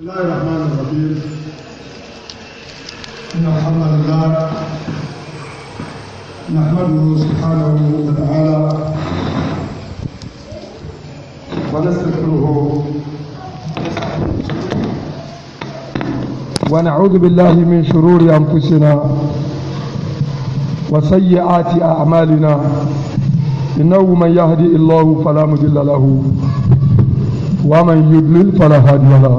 بسم الله الرحمن الرحيم إن الحمد لله نحمده سبحانه وتعالى ونستغفره ونعوذ بالله من شرور أنفسنا وسيئات أعمالنا إنه من يهدي الله فلا مضل له ومن يضلل فلا هادي له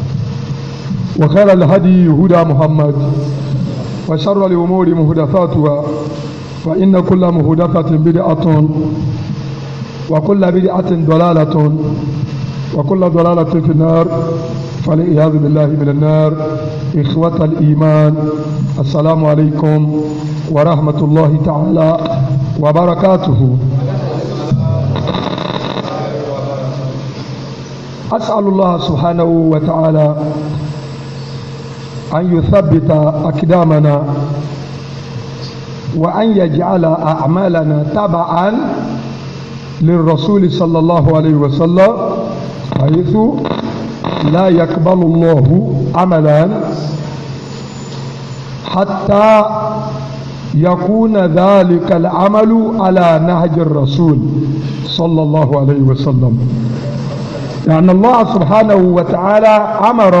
وخير الهدي هدى محمد وشر الأمور مهدفاتها فإن كل مهدفة بدعة وكل بدعة ضلالة وكل ضلالة في النار فالعياذ بالله من النار إخوة الإيمان السلام عليكم ورحمة الله تعالى وبركاته أسأل الله سبحانه وتعالى أن يثبت أقدامنا وأن يجعل أعمالنا تبعا للرسول صلى الله عليه وسلم حيث لا يقبل الله عملا حتى يكون ذلك العمل على نهج الرسول صلى الله عليه وسلم لأن يعني الله سبحانه وتعالى أمر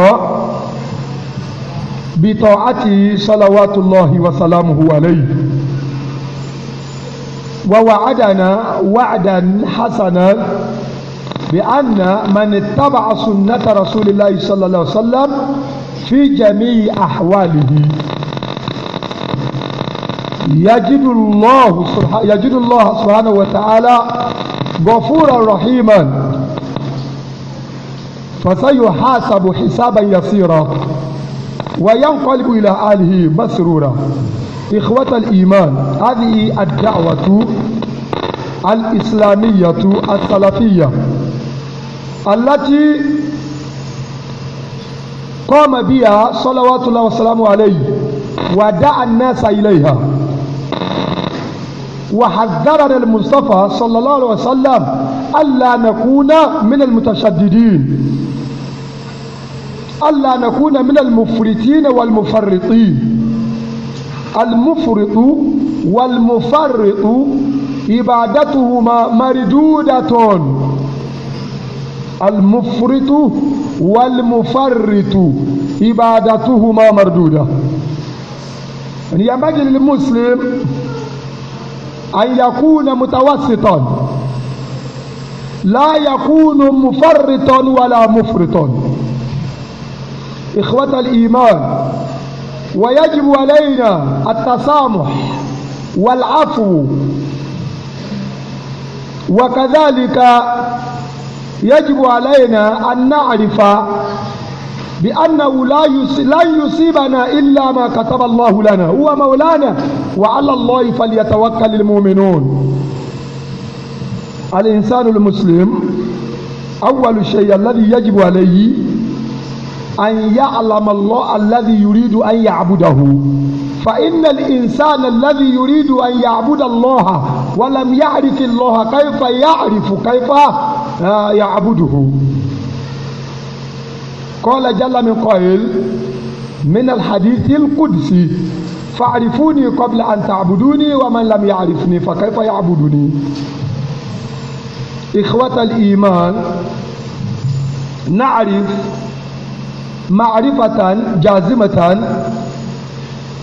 بطاعته صلوات الله وسلامه عليه ووعدنا وعدا حسنا بأن من اتبع سنة رسول الله صلى الله عليه وسلم في جميع أحواله يجد الله يجد الله سبحانه وتعالى غفورا رحيما فسيحاسب حسابا يسيرا وينقلب إلى أهله مسرورا إخوة الإيمان هذه الدعوة الإسلامية السلفية التي قام بها صلوات الله وسلامه عليه ودعا الناس إليها وحذرنا المصطفى صلى الله عليه وسلم ألا نكون من المتشددين ألا نكون من المفرطين والمفرطين المفرط والمفرط عبادتهما مردودة المفرط والمفرط عبادتهما مردودة يعني ينبغي للمسلم أن يكون متوسطا لا يكون مفرطا ولا مفرطا إخوة الإيمان ويجب علينا التسامح والعفو وكذلك يجب علينا أن نعرف بأنه لا لن يصيبنا إلا ما كتب الله لنا هو مولانا وعلى الله فليتوكل المؤمنون الإنسان المسلم أول شيء الذي يجب عليه أن يعلم الله الذي يريد أن يعبده فإن الإنسان الذي يريد أن يعبد الله ولم يعرف الله كيف يعرف كيف يعبده قال جل من قائل من الحديث القدسي فاعرفوني قبل أن تعبدوني ومن لم يعرفني فكيف يعبدني إخوة الإيمان نعرف معرفة جازمة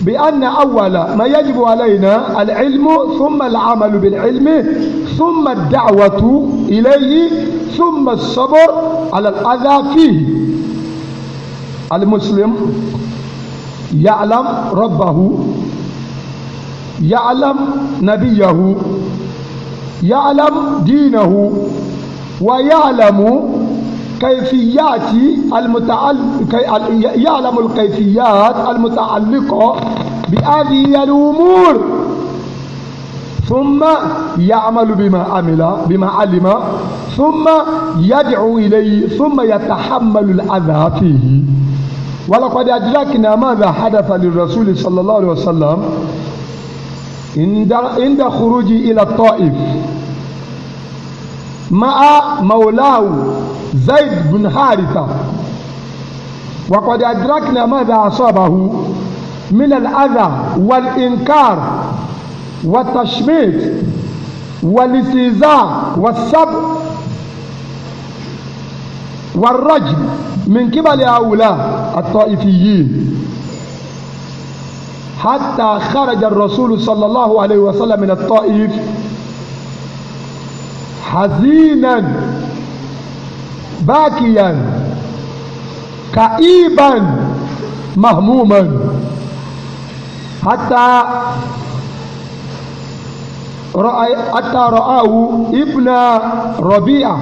بأن أول ما يجب علينا العلم ثم العمل بالعلم ثم الدعوة إليه ثم الصبر على الأذى فيه المسلم يعلم ربه يعلم نبيه يعلم دينه ويعلم كيفيات المتعلق يعلم الكيفيات المتعلقة بهذه الأمور ثم يعمل بما عمل بما علم ثم يدعو إليه ثم يتحمل الأذى فيه ولقد أدركنا ماذا حدث للرسول صلى الله عليه وسلم عند خروجه إلى الطائف مع مولاه زيد بن حارثة وقد أدركنا ماذا أصابه من الأذى والإنكار والتشميت والاستهزاء والسب والرجم من قبل هؤلاء الطائفيين حتى خرج الرسول صلى الله عليه وسلم من الطائف حزينا باكيا كئيبا مهموما حتى رأي حتى رآه ابن ربيعة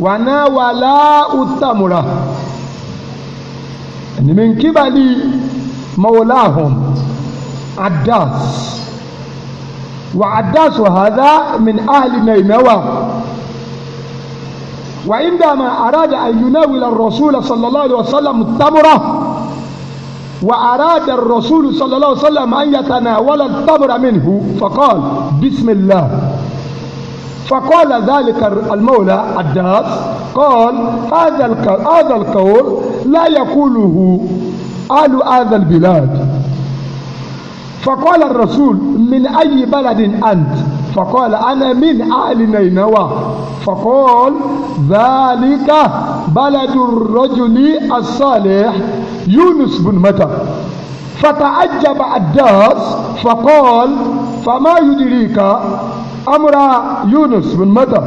وناولا الثمرة من قبل مولاهم عداس وعداس هذا من أهل نينوى وعندما أراد أن يناول الرسول صلى الله عليه وسلم التمرة وأراد الرسول صلى الله عليه وسلم أن يتناول التمرة منه فقال بسم الله فقال ذلك المولى عداس قال هذا هذا القول لا يقوله أهل هذا البلاد فقال الرسول من أي بلد أنت فقال أنا من أهل نينوى فقال ذلك بلد الرجل الصالح يونس بن متى فتعجب عداس فقال فما يدريك أمر يونس بن متى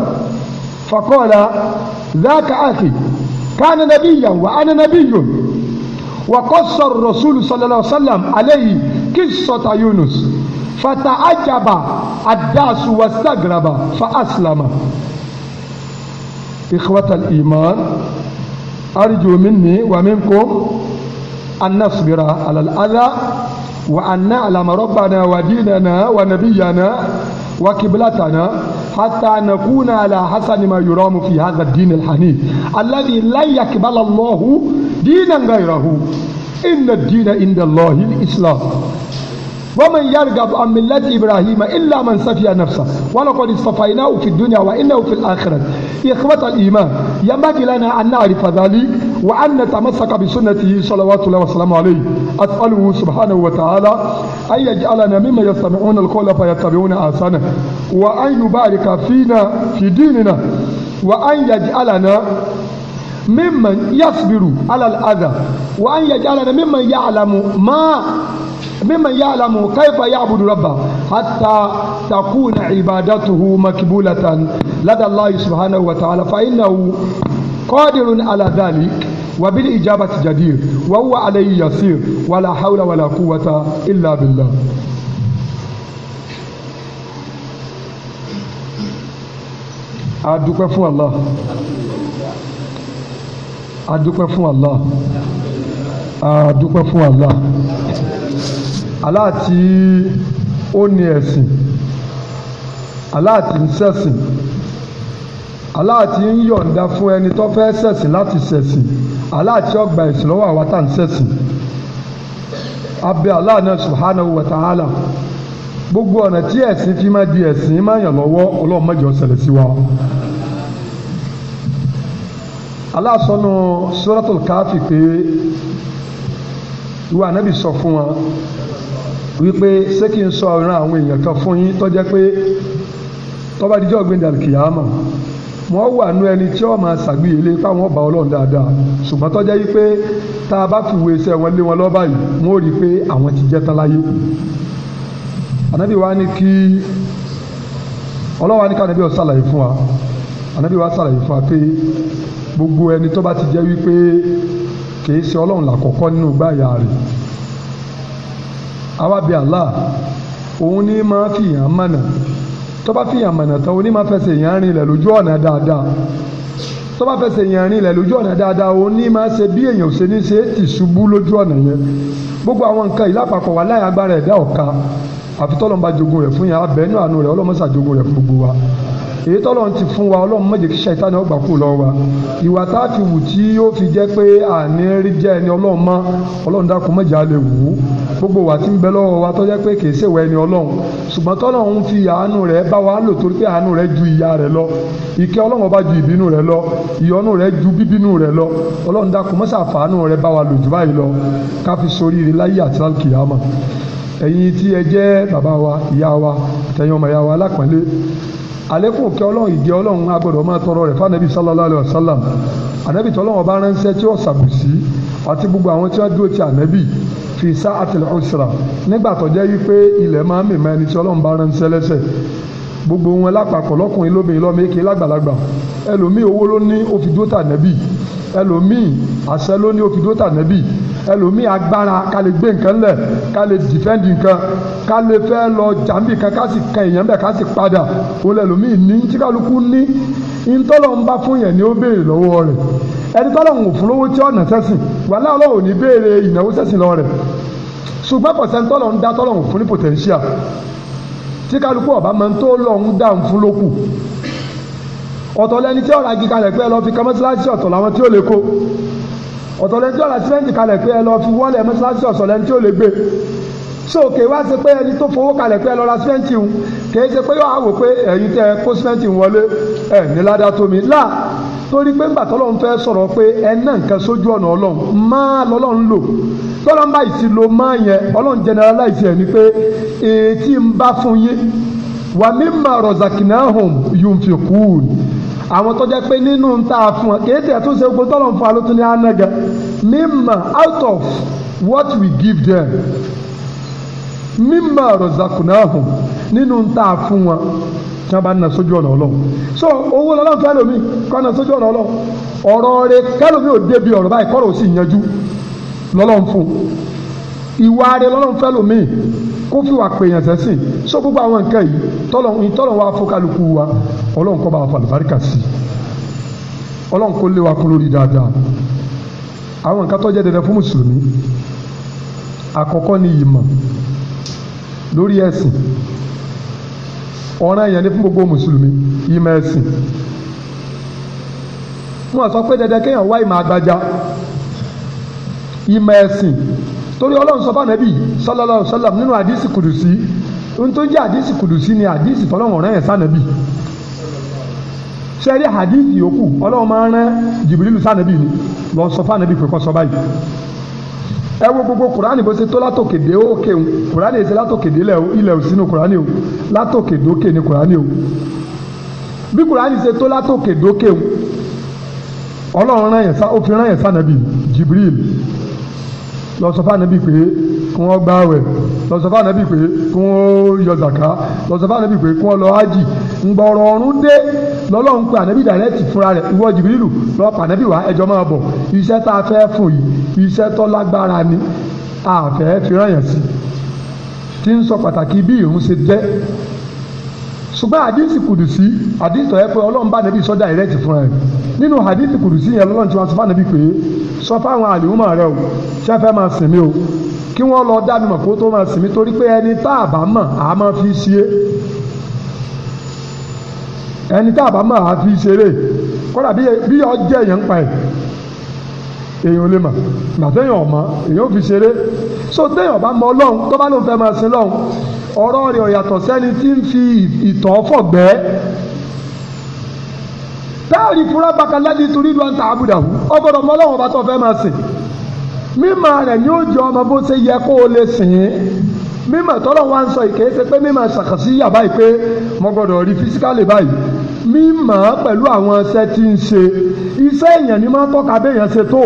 فقال ذاك أخي كان نبيا وأنا نبي وقص الرسول صلى الله عليه وسلم عليه قصة يونس فتعجب الدعس واستغرب فأسلم إخوة الإيمان أرجو مني ومنكم أن نصبر على الأذى وأن نعلم ربنا وديننا ونبينا وكبلتنا حتى نكون على حسن ما يرام في هذا الدين الحنيف الذي لا يقبل الله دينا غيره إن الدين عند الله الإسلام ومن يرغب عن ملة إبراهيم إلا من سفي نفسه ولقد اصطفيناه في الدنيا وإنه في الآخرة إخوة الإيمان ينبغي لنا أن نعرف ذلك وأن نتمسك بسنته صلوات الله وسلامه عليه أسأله سبحانه وتعالى أن يجعلنا ممن يستمعون القول فيتبعون أحسنه وأن يبارك فينا في ديننا وأن يجعلنا ممن يصبر على الأذى وأن يجعلنا ممن يعلم ما ممن يعلم كيف يعبد ربه حتى تكون عبادته مكبولة لدى الله سبحانه وتعالى فإنه قادر على ذلك وبالإجابة جدير وهو عليه يسير ولا حول ولا قوة إلا بالله أدوك فو الله أدوك فو الله, أدوك فو الله. Allah tí ó ní ẹ̀sìn Allah tí ń ṣẹ̀sìn Allah tí ń fún ẹni tó fẹ́ sẹ̀sìn láti sẹ̀sìn Allah tí gba ẹ̀sìn lọ́wọ́ àwa tá à ń abẹ́ náà subhanahu wa gbogbo ọ̀nà tí ẹ̀sìn fi máa di ẹ̀sìn máa yàn lọ́wọ́ ọlọ́run má jẹ́ sí wa. Allah sọ nínú pé ìwà ànábì sọ fún wa. wípé ṣé kí n sọ ìran àwọn èèyàn kan fún yín tó jẹ́ pé kìyàmọ̀ wọ́n wà nú ẹni tí wọ́n máa ṣàgbéyẹlé táwọn ọba ọlọ́run dáadáa ṣùgbọ́n tó jẹ́ wípé tá a bá fìwé iṣẹ́ wọn lé wọn lọ́ba yìí wọ́n rí i ti jẹ́ ànábì wa kí ọlọ́wà ká ànábì gbogbo ẹni ti jẹ́ wípé kì í awabi Allah òun ní máa fìyàn mọ̀nà tó bá fìyàn mọ̀nà tán òun ní máa fẹsẹ̀ yàn rìn lẹ̀ lójú ọ̀nà dáadáa tó bá fẹsẹ̀ yàn rìn lẹ̀ lójú ọ̀nà dáadáa òun ní máa ṣe bí èèyàn ò ṣe ní ṣe tì ṣubú lójú ọ̀nà yẹn gbogbo àwọn nǹkan ìlápapọ̀ wà láyà agbára ẹ̀dá ọ̀ka àfi jogun rẹ̀ fún yàn abẹ́nú àánú rẹ̀ ọlọ́mọ́sà jogun rẹ̀ fún gbogbo wa èyí tọ́lọ̀ ti fún wa ọlọ́run má jẹ́ kí ṣàìtàn náà gbà lọ wa ìwà tá a fi wù tí yóò fi jẹ́ pé àní rí jẹ́ ẹni ọlọ́run mọ́ ọlọ́run dákun a lè gbogbo wa ti ń bẹ wa pé ẹni ọlọ́run ṣùgbọ́n fi àánú wa lò torí pé ju ìyà rẹ̀ lọ ìkẹ́ ọlọ́run ọba ju ìbínú rẹ̀ lọ ìyọ́nú rẹ̀ ju bíbínú rẹ̀ lọ ọlọ́run dákun má ṣàfàánú wa lò jù báyìí lọ ká fi àti àlékún kẹ́ ọlọ́run ìgẹ́ ọlọ́run agbọ́dọ̀ máa tọrọ rẹ̀ fún anabi sallallahu alayhi wa sallam anabi tọ́lọ́run ọba ránṣẹ́ tí ó ṣàbùsí àti gbogbo àwọn tí wọ́n dúró ti anabi fi sa'atil usra nígbà tó jẹ́ wípé ilẹ̀ máa ń mìíràn ẹni tí ọlọ́run bá ránṣẹ́ lẹ́sẹ̀ gbogbo wọn lápapọ̀ lọ́kùnrin lóbìnrin lọ́mọ èké lágbàlagbà ẹlòmíì owó ló ní ó fi dúró tà nẹ́bì ẹlòmíì àṣẹ ló ní ó fi dúró tà nẹ́bì ẹlòmíì agbára ká lè gbé nǹkan lẹ̀ ká lè dìfẹ́ǹdì nǹkan ká lè fẹ́ lọ jàǹbì kan ká sì kan èèyàn bẹ́ẹ̀ ká sì padà òun lẹ́lòmíì ní tí kálukú ní ntọ́lọ̀ ń bá fún yẹn ni ó béèrè lọ́wọ́ rẹ̀ ẹni tọ́lọ̀ ń fún lówó tí ọ̀nà sẹ́sìn wàhálà ọlọ́run ò ní béèrè ìnáwó sẹ́sìn lọ́wọ́ rẹ̀ ṣùgbọ́n pọ̀sẹ̀ ntọ́lọ̀ ń dá tọ́lọ̀ ń fún ní potential tí kálukú ọ̀bá máa ń tó lọ ń dà ń fún lókù ọ̀tọ̀ lẹni tí ọ̀rọ̀ àgìkalẹ̀ pẹ́ lọ fi kọ́mọ́síláṣí ọ̀tọ̀ làwọn tí ó lè kó ọ̀tọ̀ lẹ́ni tí ó ra símẹ́ǹtì kalẹ̀ pé ẹ lọ fi wọ́lẹ̀ mọ́ṣáláṣí ọ̀sọ̀ lẹ́ni tí ó lè gbé so kè wá ṣe pé ẹni tó fowó kalẹ̀ pé ẹ lọ ra símẹ́ǹtì ń kè é ṣe pé yóò wò pé ẹ̀yin tẹ kó símẹ́ǹtì ń wọlé ẹ̀ ní ládá tómi là torí pé ńgbà tọ́lọ́run fẹ́ sọ̀rọ̀ pé ẹ ná nǹkan sójú ọ̀nà ọlọ́run máa lọ́lọ́run lò tọ́lọ́run báyìí ti lo máa yẹn ọlọ́run generalize ẹ̀ ni pé èyí tí ń bá fún yín wàmí màrọ̀zàkìnnáhùn yunfikùn àwọn tó jẹ́ pé nínú ń tà fún ọ kìí tẹ̀ tún ṣe gbogbo tọ́lọ̀ ń fa ló tún ní ànágà mímọ̀ out of what we give them mímọ̀ rọ̀zàkùnáhùn nínú ń tà fún wọn tí wọ́n bá na sójú ọ̀nà ọlọ́run so owó lọ́lọ́run fẹ́ lómi kọ́ na sójú ọ̀nà ọlọ́run ọ̀rọ̀ rẹ kẹ́lómi ò débi ọ̀rọ̀ báyìí kọ́rọ̀ ò sì yanjú lọ́lọ́run fún ìwà rẹ lọ́lọ́run fẹ́ lómi kó fi wà pèèyàn sẹ́sìn so gbogbo àwọn nǹkan yìí tọ́lọ̀ wa fọ́kàlùkù wa ọlọ́run kọ́ bá wa fàlùbáríkà sí ọlọ́run kó lé wa kú lórí dáadáa àwọn nǹkan tó jẹ́ dandan fún mùsùlùmí àkọ́kọ́ ni ìmọ̀ lórí ẹ̀sìn ọ̀ràn yẹn ni fún gbogbo mùsùlùmí ìmọ̀ ẹ̀sìn wọn sọ pé dandan kéèyàn wá ìmọ̀ àgbájá ìmọ̀ ẹ̀sìn torí ọlọ́run sọ fáwọn ẹbí sallallahu alaihi wasallam nínú àdìsí kùdùsí ohun tó jẹ́ àdìsí kùdùsí ni àdìsí tọ́lọ́run ọ̀rẹ́ yẹn sànẹ́bì sẹ́rí àdìsí yòókù ọlọ́run máa ń rán jìbìrìlù sànẹ́bì ni lọ sọ fáwọn ẹbí pé kó sọ báyìí ẹ wo gbogbo kùránì bó ṣe tó látòkèdè òkè o kùránì èsì látòkèdè ilẹ̀ ò sínú kùránì o látòkèdè òkè ni kùránì o bí kùránì ṣe tó látòkèdè òkè o ọlọ́run rán yẹn sá ó rán yẹn sànẹ́bì Jibril lọ sọ fún ànábì pé kí wọ́n gbá wẹ̀ lọ sọ fún ànábì pé kí wọ́n yọ zàká lọ sọ fún ànábì pé kí wọ́n lọ hájì ngbọ̀rọ̀ ọ̀run dé lọ́lọ́run pé ànábì dàrẹ́tì fúnra rẹ̀ ìwọ jìbìrìlù lọ́ọ́ pànábì wá ẹjọ́ máa bọ̀ iṣẹ́ tá a fẹ́ fún yìí iṣẹ́ tó lágbára ni àfẹ́ fi rán yẹn sí tí ń sọ pàtàkì bí ìrun ṣe jẹ́ ṣùgbọ́n àdìsí kùdùsí àdìsí tọ̀yẹ́ pé ọlọ́run bá nàbí sọ direct fún ẹ nínú àdìsí kùdùsí yẹn lọ́lọ́run tí wọ́n sọ fún ànàbí pé sọ fáwọn àlùmọ̀ rẹ o ṣé fẹ́ máa sìn mí o kí wọ́n lọ dá mi mọ̀ kó tó máa sìn mí torí pé ẹni tá a bá mọ̀ a máa fi ṣe ẹni tá a bá mọ̀ a fi ṣeré kódà bí ọjẹ́ yẹn ń pa ẹ̀ èèyàn ò lè mà gbàtẹ́yìn ọ̀mọ́ èèyàn ò fi ṣeré so téèyàn bá mọ ọlọ́run tó bá lóun fẹ́ máa sin lọ́run ọ̀rọ̀ rẹ̀ ọ̀yàtọ̀ sẹ́ni tí ń fi ìtọ̀ fọ̀gbẹ́ táàrí fúra bakalẹ́ni torí lu àǹtà àbúdàwù ọgbọ́dọ̀ mọ ọlọ́run ọba tó fẹ́ máa sìn mímọ̀ rẹ̀ ni ó jọ ọmọ bó ṣe yẹ kó o lè sìn ín mímọ̀ tọ́lọ́ wa ń sọ ìkéyèsí pé mímọ̀ ṣàkàsí yàbá yìí pé rí físíkálì báyìí mímọ̀ pẹ̀lú àwọn iṣẹ́ tí ń ṣe iṣẹ́ èèyàn ni máa ń tọ́ka béèyàn ṣe tó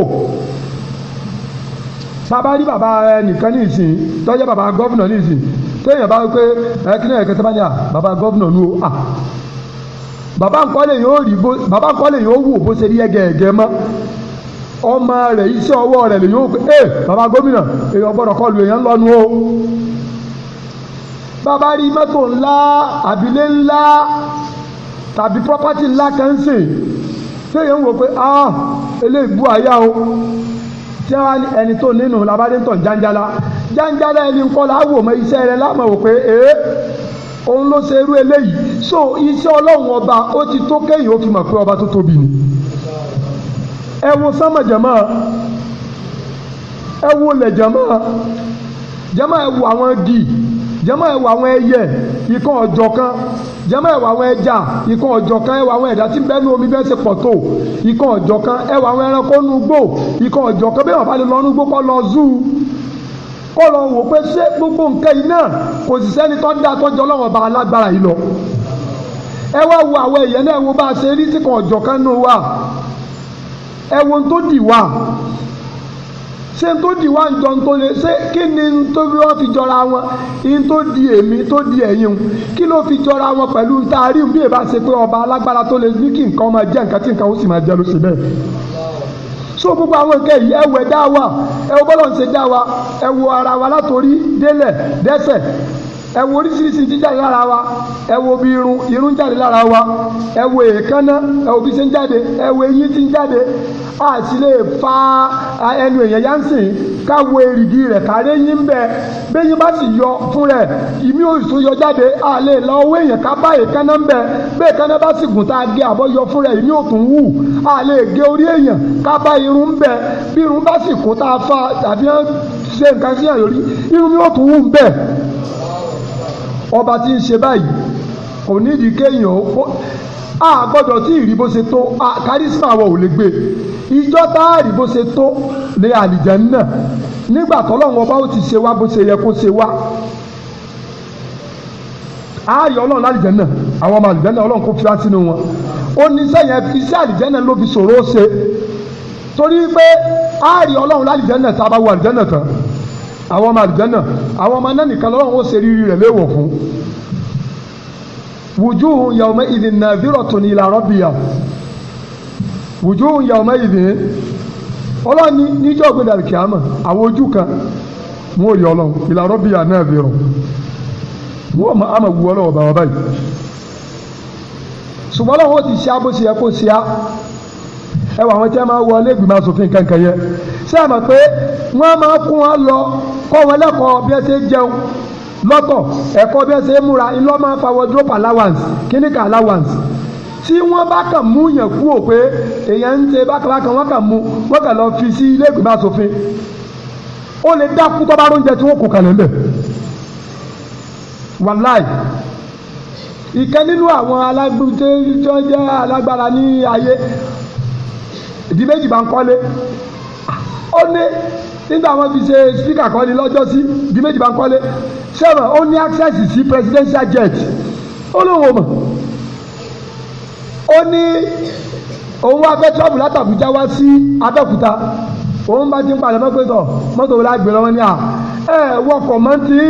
bàbá rí bàbá ẹnìkan ní ìsìn tó jẹ́ bàbá gọ́vùnà ní ìsìn téèyàn bá wípé ẹkínní ẹ̀kẹ́ sábà ní à bàbá gọ́vùnà nu o à bàbá ńkọ́lé yóò rí bó bàbá ńkọ́lé yóò wò bó ṣe rí ẹgẹẹgẹ mọ́ ọmọ rẹ̀ iṣẹ́ ọwọ́ rẹ̀ lè yóò ẹ bàbá gómìnà èèyàn gbọ́dọ̀ kọlu èèyàn lọ́nu o bàbá rí mọ́tò ńlá àbílẹ̀ ńlá tàbí property ńlá kan ń sìn téèyàn ń wò pé ah eléyìí bú àyà o tí wọ́n ní ẹni tó nínú labadé ń tàn jáńjálá jáńjálá ẹni ńkọ́ la wò mọ iṣẹ́ rẹ láàmú wò pé ee òun ló ṣe irú eléyìí so iṣẹ́ ọlọ́run ọba ó ti tó kéèyàn ó fi mọ̀ pé ọba tó tóbi ni ẹ wo sánmọ̀jẹ̀mọ́ ẹ wo lẹ̀jẹ̀mọ́ jẹ́mọ́ ẹ wo àwọn dì í jẹ́mọ́ ẹ̀wọ̀ àwọn ẹyẹ ikán ọ̀jọ̀ kan jẹ́mọ́ ẹ̀wọ̀ àwọn ẹja ikán ọ̀jọ̀ kan ẹ̀wọ̀ àwọn ẹ̀dá tí ń bẹ́nu omi bẹ́ẹ̀ ṣe pọ̀ tó ikán ọ̀jọ̀ kan ẹ̀wọ̀ àwọn ẹranko nu gbò ikán ọ̀jọ̀ kan bẹ́ẹ̀ wọ́n bá lè lọ nu gbó kọ́ lọ zoo kọ́ lọ wò pé ṣé gbogbo nǹkan yìí náà kò sì sẹ́ni tó dá tó jọ lọ́wọ́ bá alágbára yìí lọ ẹ wá wo àwọn ẹ̀yẹ náà wo bá a ṣe rí tí kan ọ̀jọ̀ kan nù wà ẹ wo ohun tó dì wà ṣé n tó di wá ń jọ n tó le ṣé kí ni n tó bí wọ́n fi jọra wọn n tó di èmi tó di ẹ̀yin o kí ló fi jọra wọn pẹ̀lú n taari bí èbá ṣe pé ọba alágbára tó lè ní kí nǹkan máa jẹ́ nǹkan tí nǹkan ó sì máa jẹ́ ló ṣe bẹ́ẹ̀ so gbogbo àwọn nǹkan yìí ẹwẹ dá wa ẹwọ bọlọ ń ṣe dá wa ẹwọ ara wa látòrí délẹ̀ dẹ́sẹ̀ ẹ wo oríṣiríṣi jíjáde lára wa ẹ wo bí irun irun jáde lára wa ẹ wo èékánná ẹ wo bí ṣe ń jáde ẹ wo eyín tí ń jáde a sì lè fa ẹnu èèyàn yá ń sìn ká wo èrìgì rẹ̀ kárẹ́ yín bẹ́ẹ̀ bẹ́yìn bá sì yọ fún rẹ̀ ìmí òṣù yọ jáde a lè lọ owó èèyàn ká bá èékánná ń bẹ bẹ́ẹ̀ kánná bá sì gùn tá a gé àbọ̀ yọ fún rẹ̀ ìmí òtún wù a lè gé orí èèyàn ká bá irun bẹ bí irun bá sì kún tá a fa tàbí ṣe nǹkan sí àyòrí irun mi òtún wù ń bẹ ọba tí ń ṣe báyìí kò nídìí kéèyàn a gbọ́dọ̀ tí ìrí bó ṣe tó kárísímà wọ̀ ò lè gbé ìjọ tá a rí bó ṣe tó ní àlìjánnà nígbà tọ́lọ́run ọba ó ti ṣe wá bó ṣe yẹ kó ṣe wá ààyè ọlọ́run lálìjánnà àwọn ọmọ àlìjánnà ọlọ́run kò fi wá sínú wọn ó ní sẹ́yìn iṣẹ́ àlìjánnà ló fi ṣòro ṣe torí pé ààyè ọlọ́run lálìjánnà tá a bá wo àlìjánnà tán àwọn ọmọ àlùjànnà àwọn ọmọ náà nìkan lọ́wọ́ wọn ó ṣe rírí rẹ̀ léèwọ̀ fún. wujuhun yawma idhin nadhiratun ila rabbiha wujuhun yawma idhin ọlọ́run ní níjọ́ gbẹdà kìámà àwọn ojú kan wọn ò yọ ọlọ́run ila rabbiha nadhira wọn ò máa wù ọlọ́run bàbá báyìí ṣùgbọ́n ọlọ́run ti ṣe abóṣe yẹ kó ṣe á ẹ wà wọn tí a máa wọlé ìgbìmọ̀ asòfin kankan yẹ ṣé àmọ̀ pé wọ́n máa kún wọn lọ kọ́ wọn lẹ́kọ̀ọ́ bí ẹ ṣe jẹun lọ́tọ̀ ẹ̀kọ́ bí ẹ ṣe múra iná máa fa wardrobe allowance clinic allowance tí wọ́n bá kàn mú yẹn kú ò pé èèyàn ń ṣe bákàbákan wọ́n kàn mú wọ́n kàn lọ fi sí ilé ìgbìmọ̀ asòfin ó lè dákú tó bá róúnjẹ tí wọ́n kò kàn lẹ́lẹ̀ wàláì ìkẹ́ nínú àwọn alágbèjẹ́ tó jẹ́ alágbára ní ayé ìdí méjì bá ń kọ́lé ó ní nígbà wọn fi ṣe spika kọ́lé lọ́jọ́ sí ìdí méjì bá ń kọ́lé sẹ́wọ̀n ó ní access sí presidential jet ó lóun ò mọ̀ ó ní òun wá fẹ́ tọ́ọ̀bù látàbújá wá sí Abẹ́òkúta òun bá ti ń palẹ̀ mọ́pẹ́tọ̀ mọ́tò wọlé àgbẹ̀ lọ́wọ́ ní à ẹ wọkọ̀ mọ́tì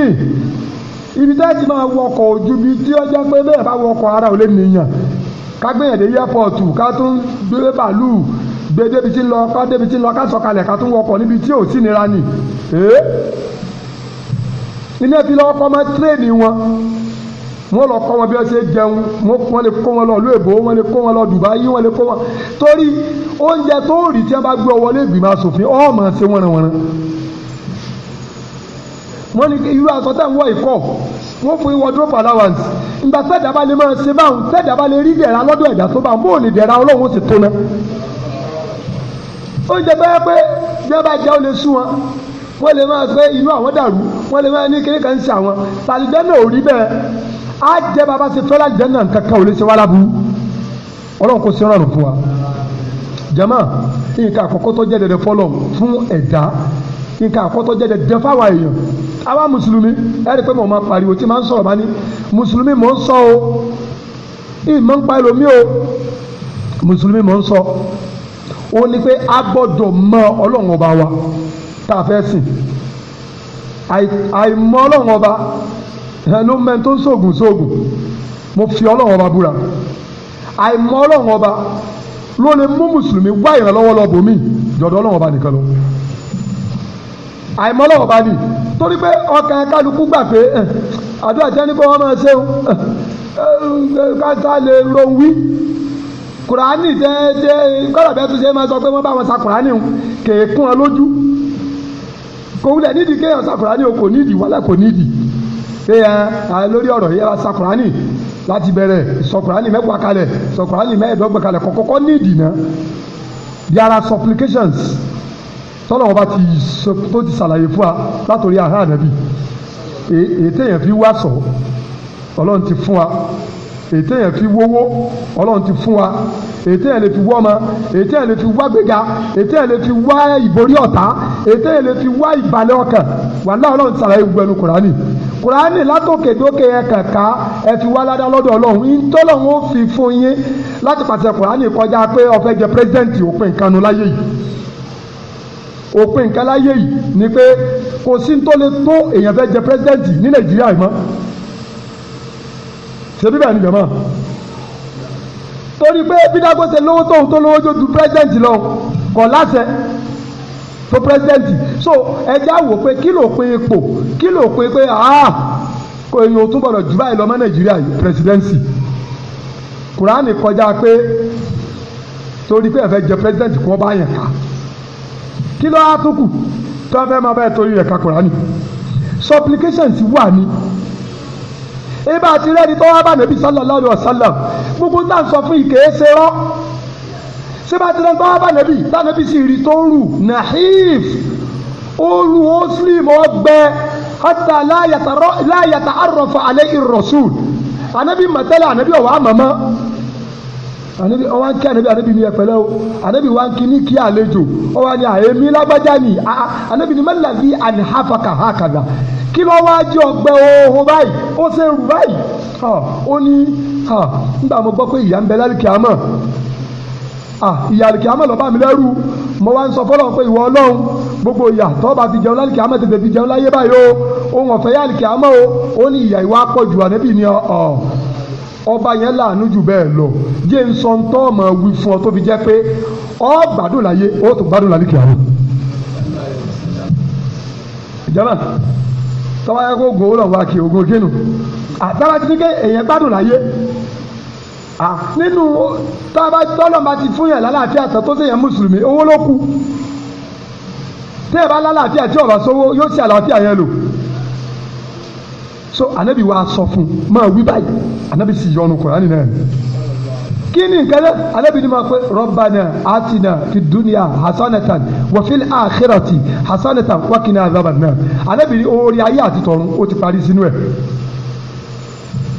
ibi tẹ́ ti máa wọkọ̀ ojú bíi tí ó jẹ́ pé bẹ́ẹ̀ bá wọkọ̀ ara ò lè nìyàn ká gbẹ̀yàn airport ká tún gbé bàálù gbé débi tí ń lọ ká débi tí ń lọ ká sọ̀kalẹ̀ ká tún wọkọ̀ níbi tí ò sí nira nì ee iná fi lọ́wọ́ kọ́ máa tírèèdì wọn wọ́n lọ kọ́ wọn bí wọ́n ṣe jẹun wọ́n lè kó wọn lọ ìlú èbó wọ́n lè kó wọn lọ Dubai wọ́n lè kó wọn torí oúnjẹ tó rì tí wọ́n bá gbé ọwọ́ lé ìgbìmọ̀ asòfin ọ̀ máa ṣe wọ́nranwọ́nran wọ́n ní irú aṣọ tẹ̀ ń wọ ìkọ́ wọ́n fún wardrobe allowance ìgbà sẹ́dá bá lè máa ṣe báwọn sẹ́dá bá lè rí dẹ̀ra lọ́dọ̀ ẹ̀dá tó bá wọn bó lè dẹ̀ra ọlọ́run sì tó náà oúnjẹ bá yẹ pé bí wọ́n bá jẹ́ ó lè sú wọn wọ́n lè máa pé inú àwọn dàrú wọ́n lè máa ní kékeré kan ṣe àwọn tàlíjẹ́ náà ò rí bẹ́ẹ̀ á jẹ́ bàbá ṣe fẹ́ lájẹ́ náà kankan ò lè ṣe wá lábú ọlọ́run kò sí rọrùn fún wa jama nǹkan àkọ́kọ́ tó jẹ́ dẹ̀dẹ̀ fọlọ́ fún ẹ̀dá nǹkan àkọ́tọ́ jẹ́ dẹ̀dẹ̀ fáwọn èèyàn àwa mùsùlùmí ẹ̀rí pé mo máa pariwo tí máa ń sọ̀rọ̀ bá ní mùsùlùmí mò ń sọ o ìmọ̀ ń pa ẹlòmí o mùsùlùmí mò ń sọ ó ní pé a gbọ́dọ̀ mọ ọlọ́run ọba wa tá a fẹ́ sìn àìmọ̀ ọlọ́run ọba ẹnu mẹ́ni tó ń sògùn sògùn mo fi ọlọ́run ọba búra àìmọ̀ ọlọ́run ọba ló lè mú mùsùlùmí wá ìrànlọ́wọ́ lọ bòmí jọ̀dọ̀ ọlọ́run ọba nìkan lọ àìmọ̀ ọlọ́run ọba ni torí pé ọkàn kálukú gbà pé àdúrà jẹ́ nípa wọn máa ṣe ká sá lè ro wí kùránì déédéé kọ́lọ̀bẹ́ tún ṣe máa sọ pé wọ́n bá wọn sa kùránì o kéèkún ọ lójú kò wúlẹ̀ nídìí kéèyàn sa kùránì o kò nídìí wàlẹ̀ kò nídìí pé ẹ lórí ọ̀rọ̀ yẹn la sa kùránì láti bẹ̀rẹ̀ sọ kùránì mẹ́wàá kalẹ̀ sọ kùránì mẹ́ẹ̀ẹ́dọ́gbọ̀n kalẹ̀ kọ̀kọ́kọ́ nídìí náà there are supplications tọ́lọ̀ ọba ti tó ti ṣàlàyé fún wa látòrí àhán ànábì èyí téèyàn fi wá sọ ọlọ́run ti fún wa èyí tẹ́yẹ̀ fi wówó ọlọ́run ti fún wa èyí tẹ́yẹ̀ lè fi wọ́ ọmọ èyí tẹ́yẹ̀ lè fi wá gbéga èyí tẹ́yẹ̀ lè fi wá ìborí ọ̀tá èyí tẹ́yẹ̀ lè fi wá ìbàlẹ̀ ọkàn wàhálà ọlọ́run sàlàyé gbẹnu kùránì kùránì látòkèdókè ẹ kàkà ẹ fi wá ládá lọ́dọ̀ ọlọ́run ìtọ́lọ́run ó fi fún yín láti pàṣẹ kùránì kọjá pé ó fẹ́ jẹ pírẹsidẹ́ǹtì òpin ìkànnù láyé yìí òpin ìkànnù láyé yìí ni pé kò sí ní tó lè tó èèyàn fẹ́ jẹ pírẹsidẹ́ǹtì ní nàìjíríà mọ́ ṣe bíbẹ̀ ni jọ̀mọ́ torí pé bí Dangote lówó tóun tó lówó ju pírẹsidẹ́ǹtì lọ kọ̀ láṣẹ tó pírẹsidẹ́ǹtì so ẹja wò pé kí ló pe epo kí ló pe pé aa ah, kò èyàn ò tún gbọdọ̀ jù báyìí lọ mọ́ Nàìjíríà yìí pírẹsidẹ́ǹtì Kùránì kọjá pé torí pé ẹ fẹ́ jẹ pírẹsidẹ́ǹtì kí wọ́n bá yẹn ká kí ló á tún kù tí wọ́n fẹ́ máa bẹ́ẹ̀ torí rẹ̀ ka Kùránì supplications wà ní ibà ti rẹ́ni tó wá bá nàbí sallallahu alaihi wasallam gbogbo tá à ń sọ fún ìkéé ṣe rọ́ síbà tí wọ́n bá wá bá nàbí tá nàbí sì rí tó rù nahif olù muslim ọgbẹ hatta la yata arrafa alayhi rasul anabi matala anabi ọwọ ànábì ọwọ́ ń kí ànábì ànábì ní ẹ̀pẹ̀lẹ́ o ànábì wá ń kí ní kí àlejò ọwọ́ ni àyèmí lágbájá ni ànábì ní mẹ́lá bí àníhàfàkà hàkàdà kí ló wá jẹ́ ọgbẹ́ ohun báyìí ó ṣe rù báyìí ó ní nígbà mo gbọ́ pé ìyá ń bẹ lálùkì àmọ́ ìyá àlùkì àmọ́ lọ́ba mi lẹ́rù mo wá ń sọ fọlọ́ pé ìwọ ọlọ́run gbogbo ìyà tọ́ba fi jẹun lálùkì àmọ́ tètè fi jẹun láyé báyìí o ohun ọ̀fẹ́ yá àlùkì o ó ní ìyà ìwà pọ̀jù ànábì ni ọ̀ ọba yẹn láàánú jù bẹ́ẹ̀ lọ jẹ́ ń sọ ntọ́ ọmọ wí fún ọ tó fi jẹ́ pé ọ gbádùn láyé ó tún gbádùn láyé kìá rẹ̀. ìjọba tọ́wọ́ yẹ kó gòó lọ́wọ́ àkè ògùn gínú àtàwọn ti ní ké èèyàn gbádùn láyé nínú tọ́lọ́mà ti fún yàn lálàáfíà tán tó sèyàn mùsùlùmí owó ló kù tẹ́ẹ̀ bá lálàáfíà tí ọ̀bà sówó yóò ṣe àlàáfíà yẹn lò so anabi wa sọ fun. máa wí báyìí anabi sì yọnu Kùránì náà kí ni nǹkan dẹ anabi ni máa pẹ Rabbana atina fi dunya hasanatan wa fil akhirati hasanatan wa qina adhaban nar anabi ni oore ayé àti tọ̀run ó ti parí sínú ẹ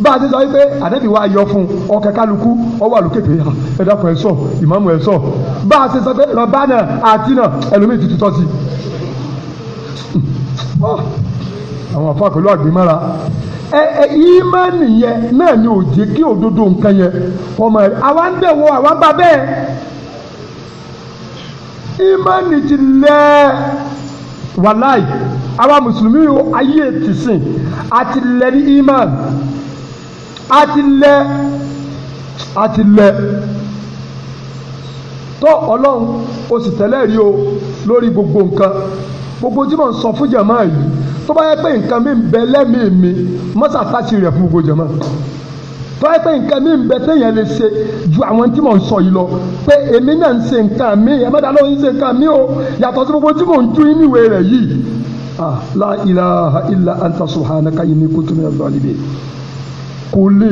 bá a ti sọ wípé ànábì wa fun. fún ọkẹ kálukú ọwọ àlùkèké ha ah, ẹdàkùn ẹ sọ ìmáàmù ẹ sọ bá a ti sọ pé rọbánà àtinà ẹlòmíì tuntun àwọn afa pẹ̀lú àgbémọ́ra ẹ ẹ ìmánì yẹn náà ni ò jẹ́ kí òdodo nǹkan yẹn ọmọ rẹ àwa ń bẹ̀ wọ àwa ń bá bẹ́ẹ̀ ìmánì ti lẹ́ wàláì àwa mùsùlùmí ayé ti sìn àti lẹ́ ní ìmánì àti lẹ́ àti lẹ́ tó ọlọ́run o sì tẹ́lẹ̀ rí o lórí gbogbo nǹkan gbogbo tí mò ń sọ fún jàmáà yìí tó bá yẹ pé nǹkan mi ń bẹ lẹ́mìí mi mọ́sà sáṣì rẹ̀ fún gbogbo jẹ̀mọ́ tó yẹ pé nǹkan mi ń bẹ téèyàn lè ṣe ju àwọn tí mò ń sọ yìí lọ pé èmi náà ń ṣe nǹkan mi ẹ má dáná ń ṣe nǹkan mi o yàtọ̀ sí gbogbo tí mò ń tú yín níwèé rẹ̀ yìí ah la ilaha illa anta subhanaka inni kuntu minaz zalimin kò lè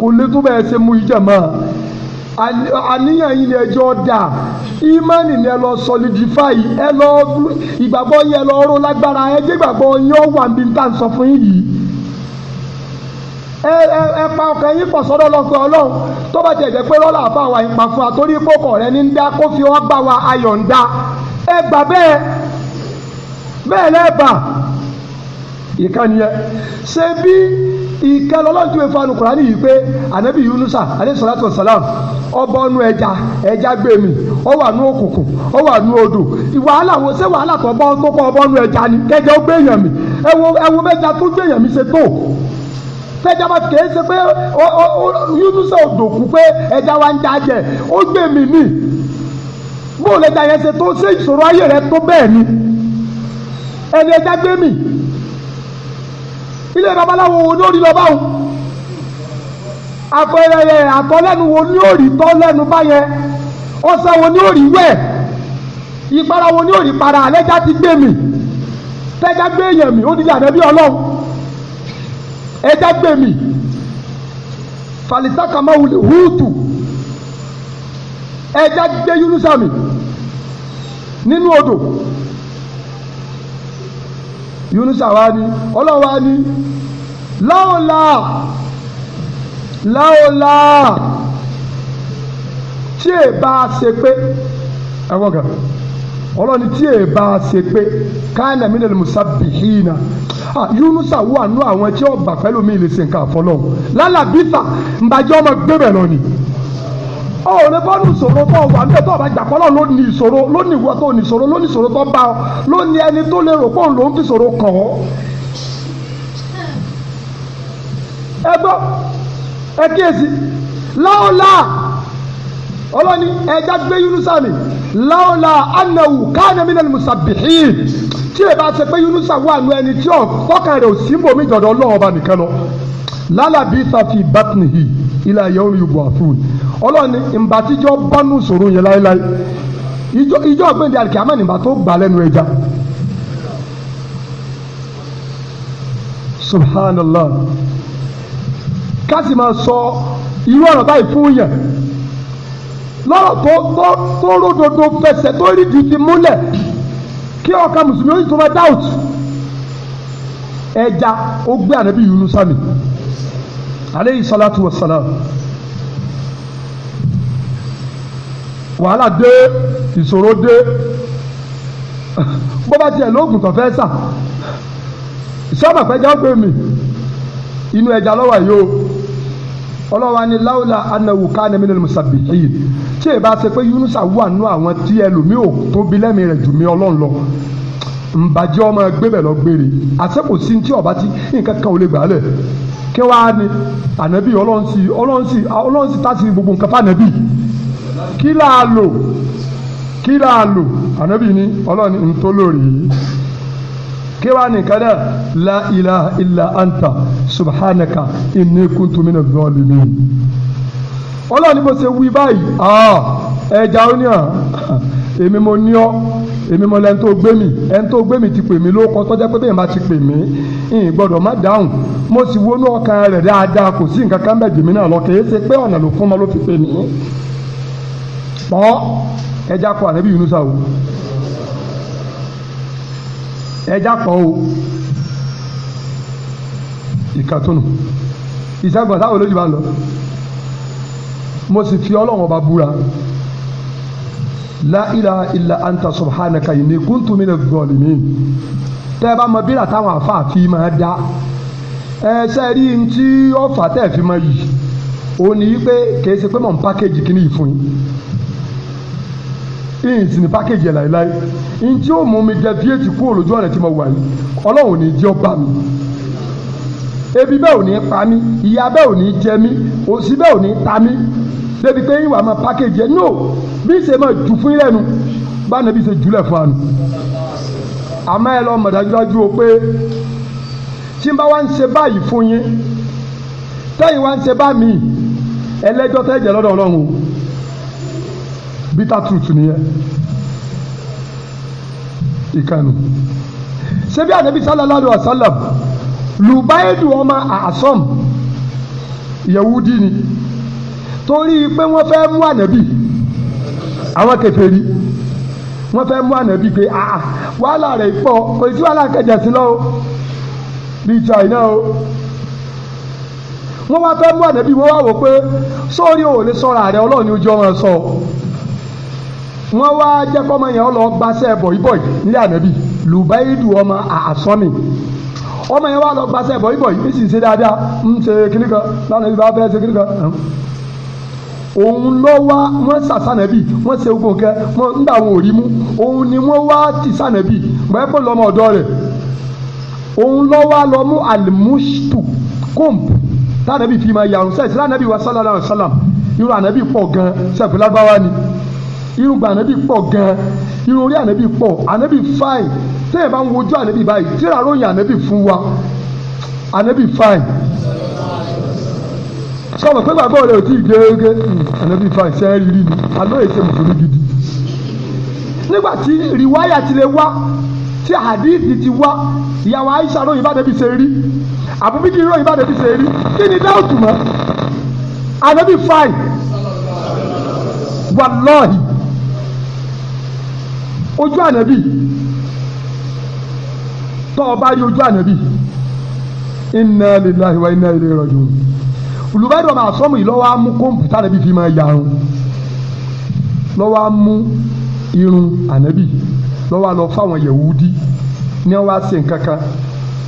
kò lè tó bẹ́ẹ̀ ṣe mú ìjàmbá àníyàn yìí ni ẹjọ́ dáa ìmánì ni ẹ lọ solidify ẹ lọ ìgbàgbọ́ yín ẹ lọ ró lágbára ẹ jẹ́ ìgbàgbọ́ yín ó wà níbi tá à ń sọ fún yín yìí ẹ ẹ ẹ pa ọkàn yín pọ̀ sọ́dọ̀ ọlọ́run tó bá jẹ́ pé lọ́la àbá wa rẹ ní ń dá kó fi wa ìkan ṣé bí ìkẹ́ lọ́lọ́run tí wọ́n fa nukura ní pé ànábì yunusa alayhi salatu wassalam ọbọ̀ ẹja ẹja wàhálà wọ ṣé wàhálà tó bọ́ tó kọ́ ẹja ni gbé èèyàn mi ẹwo ẹwo tó gbé èèyàn mi ṣe tó fẹjá bá kèé ṣe pé yunusa pé ẹja wa ń ó ilé babaláwo wo ni ó rí lọ báwọn àpẹẹrẹ yẹn àtọ́lẹ́nu wo ni ó rí tọ́lẹ́nu báyẹn ọ̀sẹ̀ wo ni ó rí wẹ̀ ìpara wo ni ó rí para àlẹ́já ti gbé mi tẹ́já gbé èèyàn mi ó di àdẹ́bí ọlọ́run ẹjá gbé mi falisakamawu le huutu ẹjá gbé yunusa mi nínú odò. Yunusa wa ni ọlọ́run wa ni láòlà láòlà tí è bá a ṣe pé ẹ̀wọ̀n kan ọlọ́ni tí è bá a ṣe pé káyọ̀nà mi lè musa bìhínà Yunusa wà nú àwọn tí ó pẹ̀lú mi lè ṣe nǹkan àfọlọ́hún lálàbíta ǹbàjẹ́ ọmọ gbẹ̀bẹ̀ lọ ni ó lè bọ́ ní ìṣòro tó wà níbẹ̀ tó bá gbà pọ́ lọ́ọ̀ ló ní ìṣòro ló ní ìwọ tó ní ìṣòro ló ní ìṣòro tó bá ọ ló ní ẹni tó lè rò pọ́n ló ń fi ìṣòro kàn ọ́. ẹ gbọ́ ẹ kíyèsí láọ́lá ọlọ́ni ẹja gbé yunusa mi láọ́lá anáwó káàní mi nàní musabihi tí ẹ bá ṣe pé yunusa wà nù ẹni tí ọ fọkàn rẹ ò sí bòmí jọ̀dọ̀ ọlọ́ọ̀ba nìkan lọ lálàbí tàfi bàtìnì yìí ilé ayé omi ìbò àfihàn ọlọ́ni ìgbà tíjọ́ bọ́nú ìṣòro yẹn láéláé ìjọ ọ̀gbìn di àlìkàmọ́ nígbà tó gbà lẹ́nu ẹja. subhanallah kásì máa sọ irú ọ̀rọ̀ báyìí fún yẹn lọ́rọ̀ tó tó tó ródodo fẹsẹ̀ tó rí di ti múlẹ̀ kí ọkàn mùsùlùmí ó sì tó máa dáùtù ẹja ó gbé ànábì Yunus sami aleyhi salatu wa salam wàhálà dé ìṣòro dé bó bá tiẹ̀ lóògùn tó fẹ́ sà sọ́mà pẹ́jà gbé mi inú ẹja lọ́wọ́ yìí o ọlọ́wà ni láwùlà anáwó ká ní mílíọ̀nù mùsàbí yìí tí èyí bá ṣe pé yunusa wà nù àwọn tí ẹlòmíì ò tóbi lẹ́mìí rẹ̀ jù mí ọlọ́run lọ nbàjẹ́ ọmọ gbébẹ̀ lọ gbére àsẹ́kù sí ti ọba tí nǹkan kan ò lè gbà lẹ̀ kí wàá ní ànábì ọlọ́nsì ọlọ́nsì ọlọ́nsì gbogbo nǹkan fún kí là lò kí là lò ànábì ọlọ́ni kí wàá la ilaha anta subhanaka inni kuntu minaz zalimin ọlọ́ni bó ṣe wí báyìí ah, ẹja èmi mo ní ọ. èmi mọ lẹ́ni tó gbé mi ẹni tó gbé mi ti pè mí lóko tọ́jà pé bẹ́ẹ̀ máa ti pè mí ìyìn gbọ́dọ̀ má dáhùn mo sì wọnú ọkàn rẹ̀ dáadáa kò sí nǹkan kan bẹ́ẹ̀ dèmí náà lọ kìí ṣe pé ọ̀nà ló fún ọmọ ló fi pè mí. pọ́ ẹja kọ ànábì Yunusa o ẹja kọ o ìkàtúnù ìṣàgbọ̀n táwọn bá lọ mo sì fi Ọlọ́run ọba búra la ilaha illa anta subhanaka inni kuntu minaz zalimin tẹ́ ẹ bá mọ bíra táwọn àfààfin máa dá ẹ ṣe rí n tí ọ̀fà tẹ́ fi mọ yìí òun ni pé kì í ṣe pé mò ń pákéjì kí ni yìí fún yín yìí sì ní pákéjì ẹ̀ láéláé n tí ó mú mi jẹ fíyèsí kúrò lójú ọ̀nà tí mo wà yìí ọlọ́run ní jẹ́ ọba mi ebi bẹ́ẹ̀ ò ní pa mí ìyà bẹ́ẹ̀ ò ní jẹ mí òṣì bẹ́ẹ̀ ò ní ta mí débi pé ìwà máa package ẹ̀ no bí ṣe máa jù fún ilẹ̀ nu bá nàbí ṣe jùlẹ̀ fún àná àmọ́ ẹ lọ mọ̀ dájúdájú o pé tí n bá wá ń ṣe báyìí fún yín tẹ́yìn wá ń ṣe bá mi ẹlẹ́jọ́ tẹ́jẹ̀ lọ́dọ̀ ọlọ́run bitter truth nìyẹn ìkànnì ṣebí ànábi sallallahu alayhi lùbáyédù ọmọ àṣọm yahudi ni torí pé wọ́n fẹ́ mú ànábì àwọn kèfèrí wọ́n fẹ́ mú ànábì pé àà wàhálà rẹ̀ pọ̀ kò sí wàhálà kẹjẹ sí lọ́wọ́ bíi China o wọ́n wá fẹ́ mú ànábì wọ́n wá wò pé sórí ò lè sọ̀rọ̀ ààrẹ ọlọ́run ní ojú ọmọ sọ wọ́n wá jẹ́ kọ́mọ yẹn ọ lọ gbaṣẹ́ bọ̀yìbọ̀yì nílé ànábì lùbáìdù ọmọ àsọ́mì ọmọ yẹn wá lọ gbaṣẹ́ bọ̀yìbọ̀yì bí sì ṣe dáadáa ń ṣe kíníkan lánàá ibi bá fẹ́ ṣe kíníkan òun lọ wá wọ́n sà sànàbì wọ́n ṣe ogun kẹ wọ́n ń dàwọn òrí mú òun ni wọ́n wá ti sànàbì gbẹ́pọ̀ lọ́mọ ọ̀dọ́ rẹ̀ òun lọ wá lọ mú alimustu komp tànàbì fi máa yàrá sẹ́yìn sànàbì wa sàlàlá wa sàlàm irú ànàbì pọ̀ gan sẹ́fù lábáwá ni irú gba ànàbì pọ̀ gan irú orí ànàbì pọ̀ ànàbì fáì tẹ́yẹ̀ bá ń wojú ànàbì báyìí tíra ròyìn ànàbì fún wa ànàbì fáì sọmọ pé gbàgbọ́ rẹ ò tí ì gé ànábì fà ṣẹ́ rí ni àlọ́ èsè mùsùlùmí gidi nígbà tí rìwáyà ti lè wá tí hadithi ti wá ìyàwó Aisha ròyìn bá dẹbi ṣe rí àbúbíkì ròyìn bá dẹbi ṣe rí kí ni dáùtù mọ́ ànábì fàì wàlọ́ọ̀hì ojú ànábì tọ́ ọ bá rí ojú ànábì inna lillahi wa inna ilayhi raji'un. olùbádùn ọmọ àsọmù yìí lọ́wọ́ á mú kọ̀ǹpútà nàbí fi máa yarun lọ́wọ́ á mú irun ànábì lọ́wọ́ á lọ fáwọn yẹ̀wúdí ní wọ́n á ṣe nǹkan kan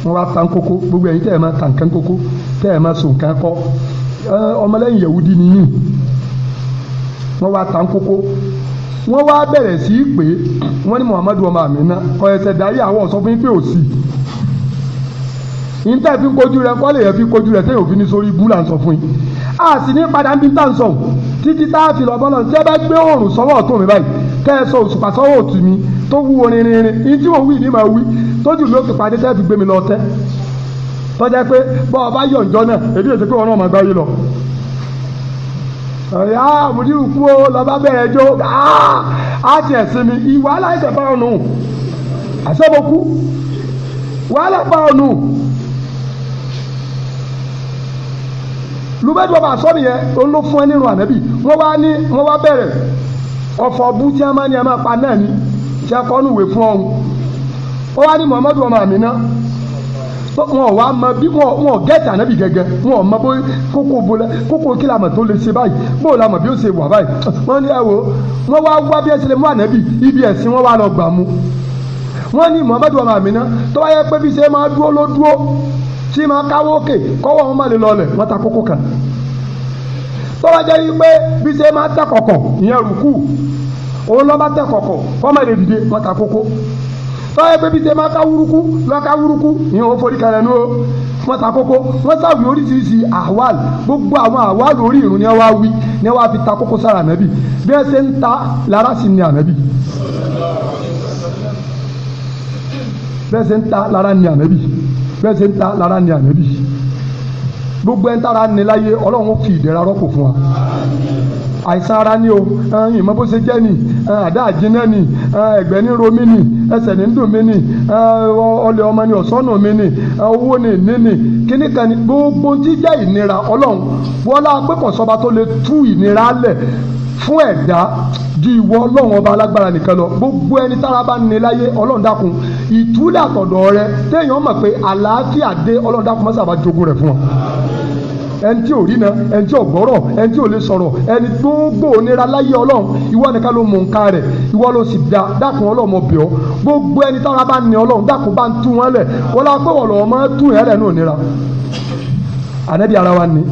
wọ́n tan gbogbo ẹ̀yin tẹ́ ẹ̀ máa tan tẹ́ ẹ̀ máa kọ́ ni wọ́n wá tan kókó wọ́n wá bẹ̀rẹ̀ sí í pé wọ́n ní Muhammadu ọmọ àmì náà àwọn yìí tẹ́ fi ń kojú rẹ kọ́lé yẹn fi kojú rẹ sẹ́yìn òfin ní sórí ibú là ń sọ fún yín a sì ní padà ń bí tá à ń sọ títí tá a fi lọ bọ́lọ̀ tí ẹ bá gbé òòrùn sọ́wọ́ ọ̀tún mi báyìí tẹ́ ẹ sọ òṣùpá sọ́wọ́ ọ̀tún mi tó wúwo rinrinrin ní tí wọ́n wí ní máa wí tójú mi ó fi padé tẹ́ fi gbé mi lọ tẹ́ tọ́jà pé bọ́ ọ bá yọ̀ǹjọ́ náà èdè èsì pé wọn náà máa gbáyé lọ ọ̀yá àmúdíwù kú o lọ́ba bẹ̀rẹ̀ jó ah, á ti ẹ̀sìn mi ìwà aláìsẹ̀ bá ọ̀nù àṣẹ́bọ̀kú wàhálà bá ọ̀nù lùbẹ́dù ọba àsọ́bì yẹn ló fún ẹ nínú ànábì wọ́n wá ní wọ́n wá bẹ̀rẹ̀ ọ̀fọ̀ bú tí a máa ní ẹ máa pa náà ní tí a kọ́ nù wé fún ọ̀hún ó wá ní muhammadu ọmọ àmì náà wọn ò wá mọ bí wọn ò gẹ́tì ànábì gẹ́gẹ́ wọn ò mọ bó kókó bolẹ kókó kí la mọ̀ tó lè ṣe báyìí bó la mọ̀ bí ó ṣe wà báyìí wọn ní ẹ wo wọn wá wá bí ẹ ṣe lè mú ànábì ibi ẹ̀sìn wọn wá lọ gbà mú wọn ní muhammadu ọmọ àmì náà tó wáyé pé bí ṣe máa dúró ló dúró tí máa káwó òkè kọ́wọ́ wọn má lè lọlẹ̀ wọ́n ta kókó kan tọ́wọ́ jẹ́ wípé bí ṣe máa tẹ̀ kọ̀kọ̀ ìyẹn rùkú òun lọ́ bá kọ̀kọ̀ fọ́mọ̀ lè dìde wọ́n ta kókó tọ́wọ́ pé bí ṣe máa ká wúrúkú lọ́ka wúrúkú ìyẹn ò forí kalẹ̀ nú o wọ́n ta kókó wọ́n sàwí oríṣiríṣi àwàl gbogbo àwọn àwàl orí ìrun ni wọ́n wí ni wọ́n fi ta kókó sára ànábì bí wọ́n ṣe ń ta lára sí ni ànábì bẹ́ẹ̀ ṣe ń ta lára ni ànábì bẹ́ẹ̀ ṣe ń ta lára ni ànábì gbogbo ẹ̀ ń tara ni láyé ọlọ́run fi ìdẹ̀ra rọ́pò fún wa àìsàn ara ni o ìmọ̀ bó ṣe jẹ́ ni àdá àjínà ni ẹ̀gbẹ́ ní romi ni ẹsẹ̀ ní dùn mí ni ọlẹ̀ ọmọ ni ọ̀sọ́nù mi ni owó ni ní ni kíní kan ni gbogbo jíjẹ́ ìnira ọlọ́run wọ́lá pé kò sọba tó lè tú ìnira lẹ̀ fún ẹ̀dá ju ìwọ ọlọ́run ọba alágbára nìkan lọ gbogbo ẹni tára bá ní láyé ọlọ́run dákun ìtúlẹ̀ àtọ̀dọ̀ rẹ téèyàn mọ̀ pé àlàáfíà dé ọlọ́run dákun má sábà jogún rẹ̀ fún wọn ẹni tí ò rí náà ẹni tí ò gbọ́rọ̀ ẹni tí ò lè sọ̀rọ̀ ẹni gbogbo onira láyé ọlọ́run ìwọ nìkan ló mọ nǹkan rẹ̀ ìwọ ló sì da dákun ọlọ́run ọbẹ̀ ọ ni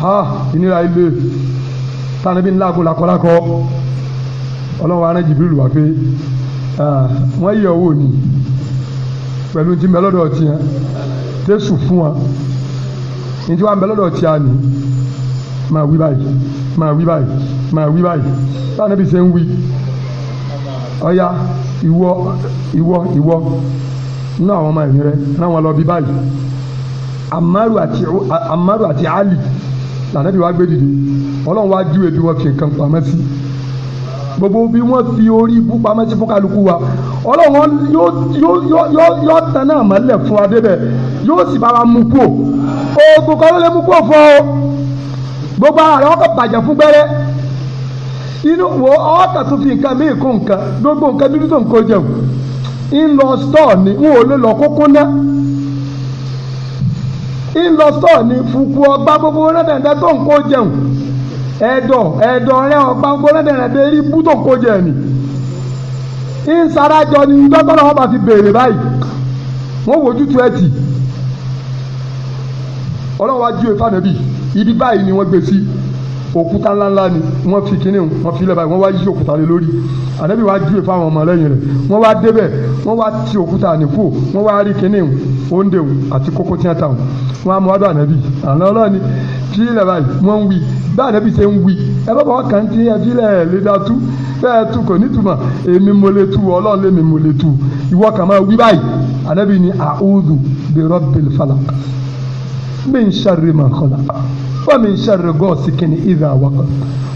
ha ìnira ilé tani bí ńláko lakọlakọ ọlọ́run arán jìbìrì wá pé wọ́n yẹ owó ni pẹ̀lú ti mẹ́lọ́dọ̀ tiẹ̀ tẹ̀sù fún wa ní tí wàá mẹ́lọ́dọ̀ tiẹ̀ ni máa wí báyìí máa wí báyìí máa wí báyìí tani bí ṣe ń wí ọ̀ya ìwọ ìwọ ìwọ náà àwọn ọmọ ẹ̀yìn rẹ náà wọn lọ bí báyìí Amaru àti Ali lànàbí wa gbé dìde ọlọ́run wa júwe bí wọ́n fi nǹkan pamọ́ sí gbogbo bí wọ́n fi orí ibú pamọ́ sí fún kálukú wa ọlọ́run yóò tán náà mọ́lẹ̀ fún wa débẹ̀ yóò sì bá mú kú o oògùn kan ló lè mú kú o fún ọ gbogbo ara wọn kò bàjẹ́ fún gbẹ́rẹ́ inú wo ọ̀ọ́kà tó fi nǹkan míì kó nǹkan gbogbo nǹkan dúdú tó ń kó jẹun ń lọ stọọ ni n ò lè lọ kókó náà ńlọsọ ní fukú ọgbà gbogbo rẹ́dẹ̀ẹ́dẹ́ tó ń kó jẹun ẹ̀dọ̀ ẹ̀dọ̀ rẹ ọgbà gbogbo rẹ́dẹ̀ẹ́dẹ́ rí bú tó ń kó jẹun ni ńsarajọ ni dọ́gbọ́n ọba ti béèrè báyìí wọ́n wojú tu ẹtì ọlọ́wọ́ ajú ìfànàbí ibi báyìí ni wọ́n gbé sí. Si òkúta ńláńlá ni wọ́n fi kíní wọ́n fi lẹ́bàá wọ́n wá yí òkúta lé lórí ànábì wá júwe fáwọn ọmọ lẹ́yìn rẹ̀ wọ́n wá débẹ̀ wọ́n wá ti òkúta àníkù wọ́n wá rí kíní òǹdè àti kókó tí wọ́n ta wọ́n á mú ọdọ̀ ànábì àná ọlọ́ni fi lẹ́bàá wọ́n ń wí bá ànábì ṣe ń wí ẹ bá bọ̀ wọ́n kàn ti ẹ fi lẹ́ẹ̀ lé dá tú bẹ́ẹ̀ tu kò nítumọ̀ èmi mo lè tu ọlọ́run lèmi mo lè tu ìwọ kàn máa wí báyìí ànábì ni a'udhu bi ومن شر غوسك إذا وقب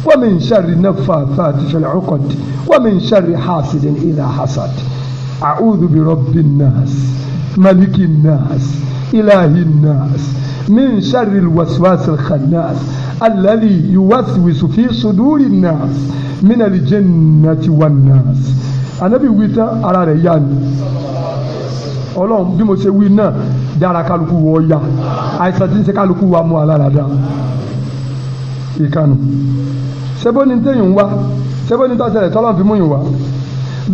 ومن شر نفاثات في العقد ومن شر حاسد إذا حسد أعوذ برب الناس ملك الناس إله الناس من شر الوسواس الخناس الذي يوسوس في صدور الناس من الجنة والناس أنا بيوتا على ريان ọlọ́run bí mo ṣe wí náà dára kálukú wọ ya àìsàn tí ń ṣe kálukú wa mú aláradá ìkànnì sẹ́bóni téèyàn ń wá sẹ́bóni tó ṣẹlẹ̀ tọ́lọ́run fi mú yín wá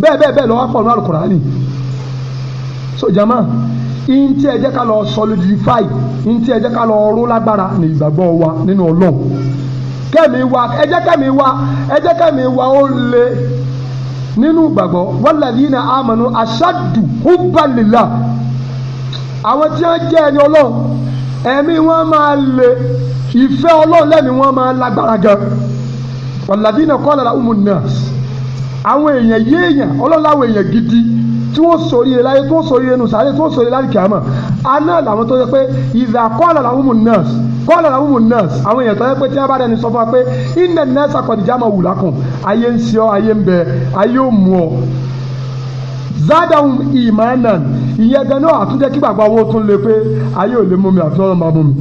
bẹ́ẹ̀ bẹ́ẹ̀ bẹ́ẹ̀ lọ́wọ́ pọ̀ ní alukurani so jama ntí ẹ jẹ́ ká lọ solidify ntí ẹ jẹ́ ká lọ ró lágbára ní ìgbàgbọ́ wa nínú ọlọ́run kẹ́mi wa ẹ jẹ́ kẹ́mi wa ẹ jẹ́ kẹ́mi wa ó le nínú gbàgbọ́ walladhina amanu ashaddu hubban lillah àwọn tí wọ́n jẹ́ ẹni ọlọ́run ẹ̀mí wọn máa le ìfẹ́ ọlọ́run lẹ́mí wọn máa lágbára gan walladhina qala lahumun nas àwọn èèyàn yéèyàn ọlọ́láwọ̀ èèyàn gidi tí wọ́n sòríire láyé tí wọ́n sòríire nù sáré tí wọ́n sòríire láyé kìámà aná làwọn tó yẹ pé ìdá kọ́ọ̀là làwọn mú nọ́ọ̀sì kọ́ọ̀là làwọn mú nọ́ọ̀sì àwọn èèyàn tó yẹ pé tí wọ́n bá dẹni sọ fún wa pé iná nọ́ọ̀sì àkọ́dìjà máa wù lákùn ayé ń ṣe ọ ayé ń bẹ ayé ò mú ọ zadahun imanan ìyẹn gan náà àtúndẹ kí gbàgbọ́ owó tún le pé ayé ò lè mú mi àfi ọlọ́run máa mú mi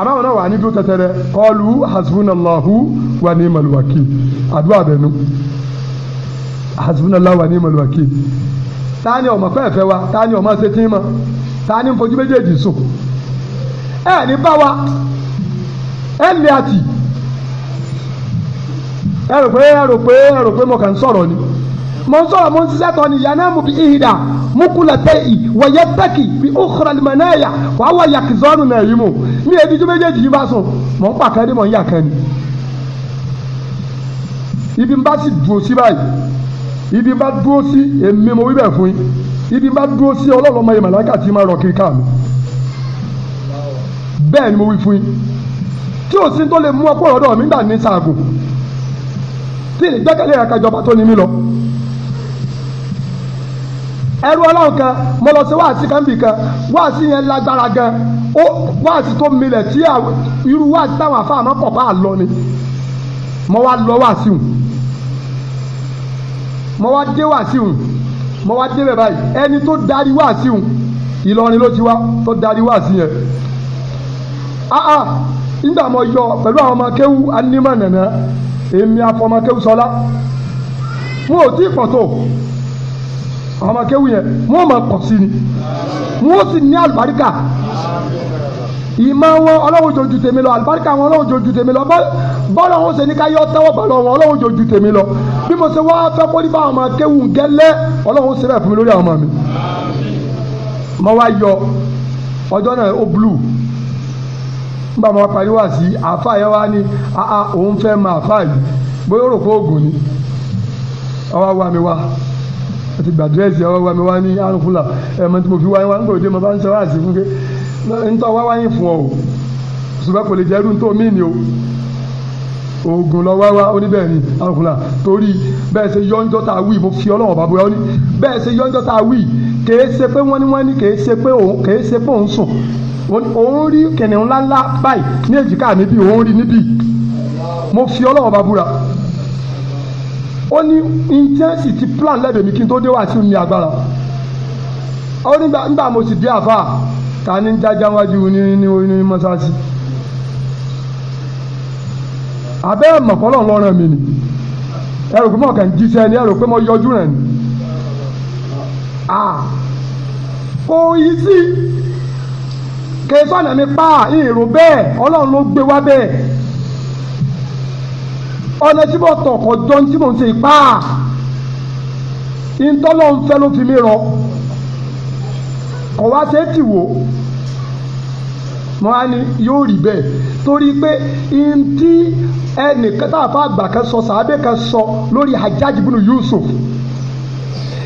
àbáwọn náà wà ní dúró tẹtẹrẹ kọlu hasbunallahu wa ni malwaki àdúrà bẹnu hasbunallahu wa ni'mal Tani o ni ọmọ fẹ́ẹ̀fẹ́ wa ta ni ọmọ ṣetí mọ ta ni fojú méjèèjì sùn ẹ ní bá wa ẹ lè àtì ẹ rò pé ẹ rò pé ẹ rò pé mo kàn ń sọ̀rọ̀ ni mo ń sọ̀rọ̀ mo ń ṣiṣẹ́ tọ́ ni yàrá mu bí ihida mukulatẹ́yì wọ̀yẹ tẹ́kì bí ọ̀kọ̀rọ̀lùmọ̀nẹ́yà wàá wà yàkìzọ́nù náà yìí mu mi èdè ju méjèèjì yìí bá sùn mọ̀ ń pàkẹ́ ni mọ̀ ń yàkẹ́ ni ibi ń bá sì dùn sí ibi bá dúró sí èmi mo wí bẹ́ẹ̀ fún yín ibi bá dúró sí ọlọ́lọ́ ọmọ yẹn màláìka tí máa rọ̀ kiri ká mi bẹ́ẹ̀ ni mo wí fún yín tí ò sí tó lè mú ọ̀pọ̀ ọ̀dọ̀ mi gbà ní sàgùn tí ìgbẹ́kẹ̀lé àkàjọba tó ní mí lọ ẹrú ọlọ́run kan mo lọ sí wáàsí kan bì wáàsí yẹn lágbára gan ó wáàsí tó milẹ̀ tí irú wáàsí táwọn afáàmọ́ pọ̀ bá lọ ni mo wá lọ wáàsí hùn mo wá dé wàásù mo wá débẹ̀ báyìí ẹni tó darí wàásù Ìlọrin ló ti wá tó darí wàásù yẹn aa ah, ah, nígbà mo yọ pẹ̀lú àwọn ọmọ kéwú anímọ̀ nànà èmi afọmọ kéwú sọlá mo ò tí ì pọ̀ tó àwọn ọmọ kéwú yẹn wọ́n mọ̀ pọ̀ sí ni wọ́n sì ní àlùbáríkà ìmọ̀ wọn ọlọ́run jojú tèmi lọ àlùbáríkà wọn ọlọ́run jojú tèmi lọ bọ́ọ̀lù wọn ṣe ní ká yọ tẹ́wọ́ bàlọ́ wọn ọlọ́run jojú tèmi lọ bí mo ṣe wá fẹ́ kó ní bá àwọn ọmọ akéwù gẹ́lẹ́ ọlọ́run ṣe bẹ́ẹ̀ fún mi lórí àwọn ọmọ mi. mo wá yọ ọjọ́ náà ó blu nígbà mo parí wá sí àáfà yẹn wá ní àá òun fẹ́ mọ àáfà yìí bóyá ó rò pé oògùn ni ọwọ́ wa mi wá àti gbàdúrẹ́sì ọwọ́ wa mi wá ní àrùn fúlà ẹ̀mọ́ tí mo fi wáyé wá ń gbòdì mo bá ń sọ wá sí fún pé ntọ́ wá wáyé fún ọ o ṣùgbọ́n kò lè jẹ́ irú ntọ́ mí ni o oògùn lọ wá wá oníbẹ̀rẹ̀ ni àlùfùlà torí bẹ́ẹ̀ ṣe yọ́njọ́ tá a wí mo fi ọlọ́wọ́n bàbá ọ ní bẹ́ẹ̀ ṣe yọ́njọ́ tá a wí kèé ṣe pé wọ́n ní wọ́n ní kèé ṣe pé òun kèé ṣe pé òun sùn òun rí kẹ̀nìún ńláńlá báyìí ní èjìká mi òun rí níbí mo fi ọlọ́wọ́n bàbá búra ó ní intensi ti plan lẹ́bẹ̀ẹ́ mi kí n tó dé wá sí mi agbára ó nígbà mo sì dé àfáà ta ni ń jájá wájú ní ní ní mọ́sáàsì abẹ́ mọ̀kọ́lọ́ lọ́rùn mi ni ẹrù pé mo kàn jíṣẹ́ ni ẹrù pé mo yọjú rẹ̀ ni kò yí sí kẹfọ́nà mi pa ìrò bẹ́ẹ̀ ọlọ́run ló gbé wá bẹ́ẹ̀ ọ̀nà tí mo tọ̀ kọjọ́ tí mo ń ṣe pa ìtọ́lọ́ ń fẹ́ ló fi mí rọ. kọ̀ wá ṣe é wò wọn á ní yóò rí bẹ́ẹ̀ torí pé ntí tí tá a àgbà kan sọ sàábẹ́ kan sọ lórí Hajjaj bunu Yusuf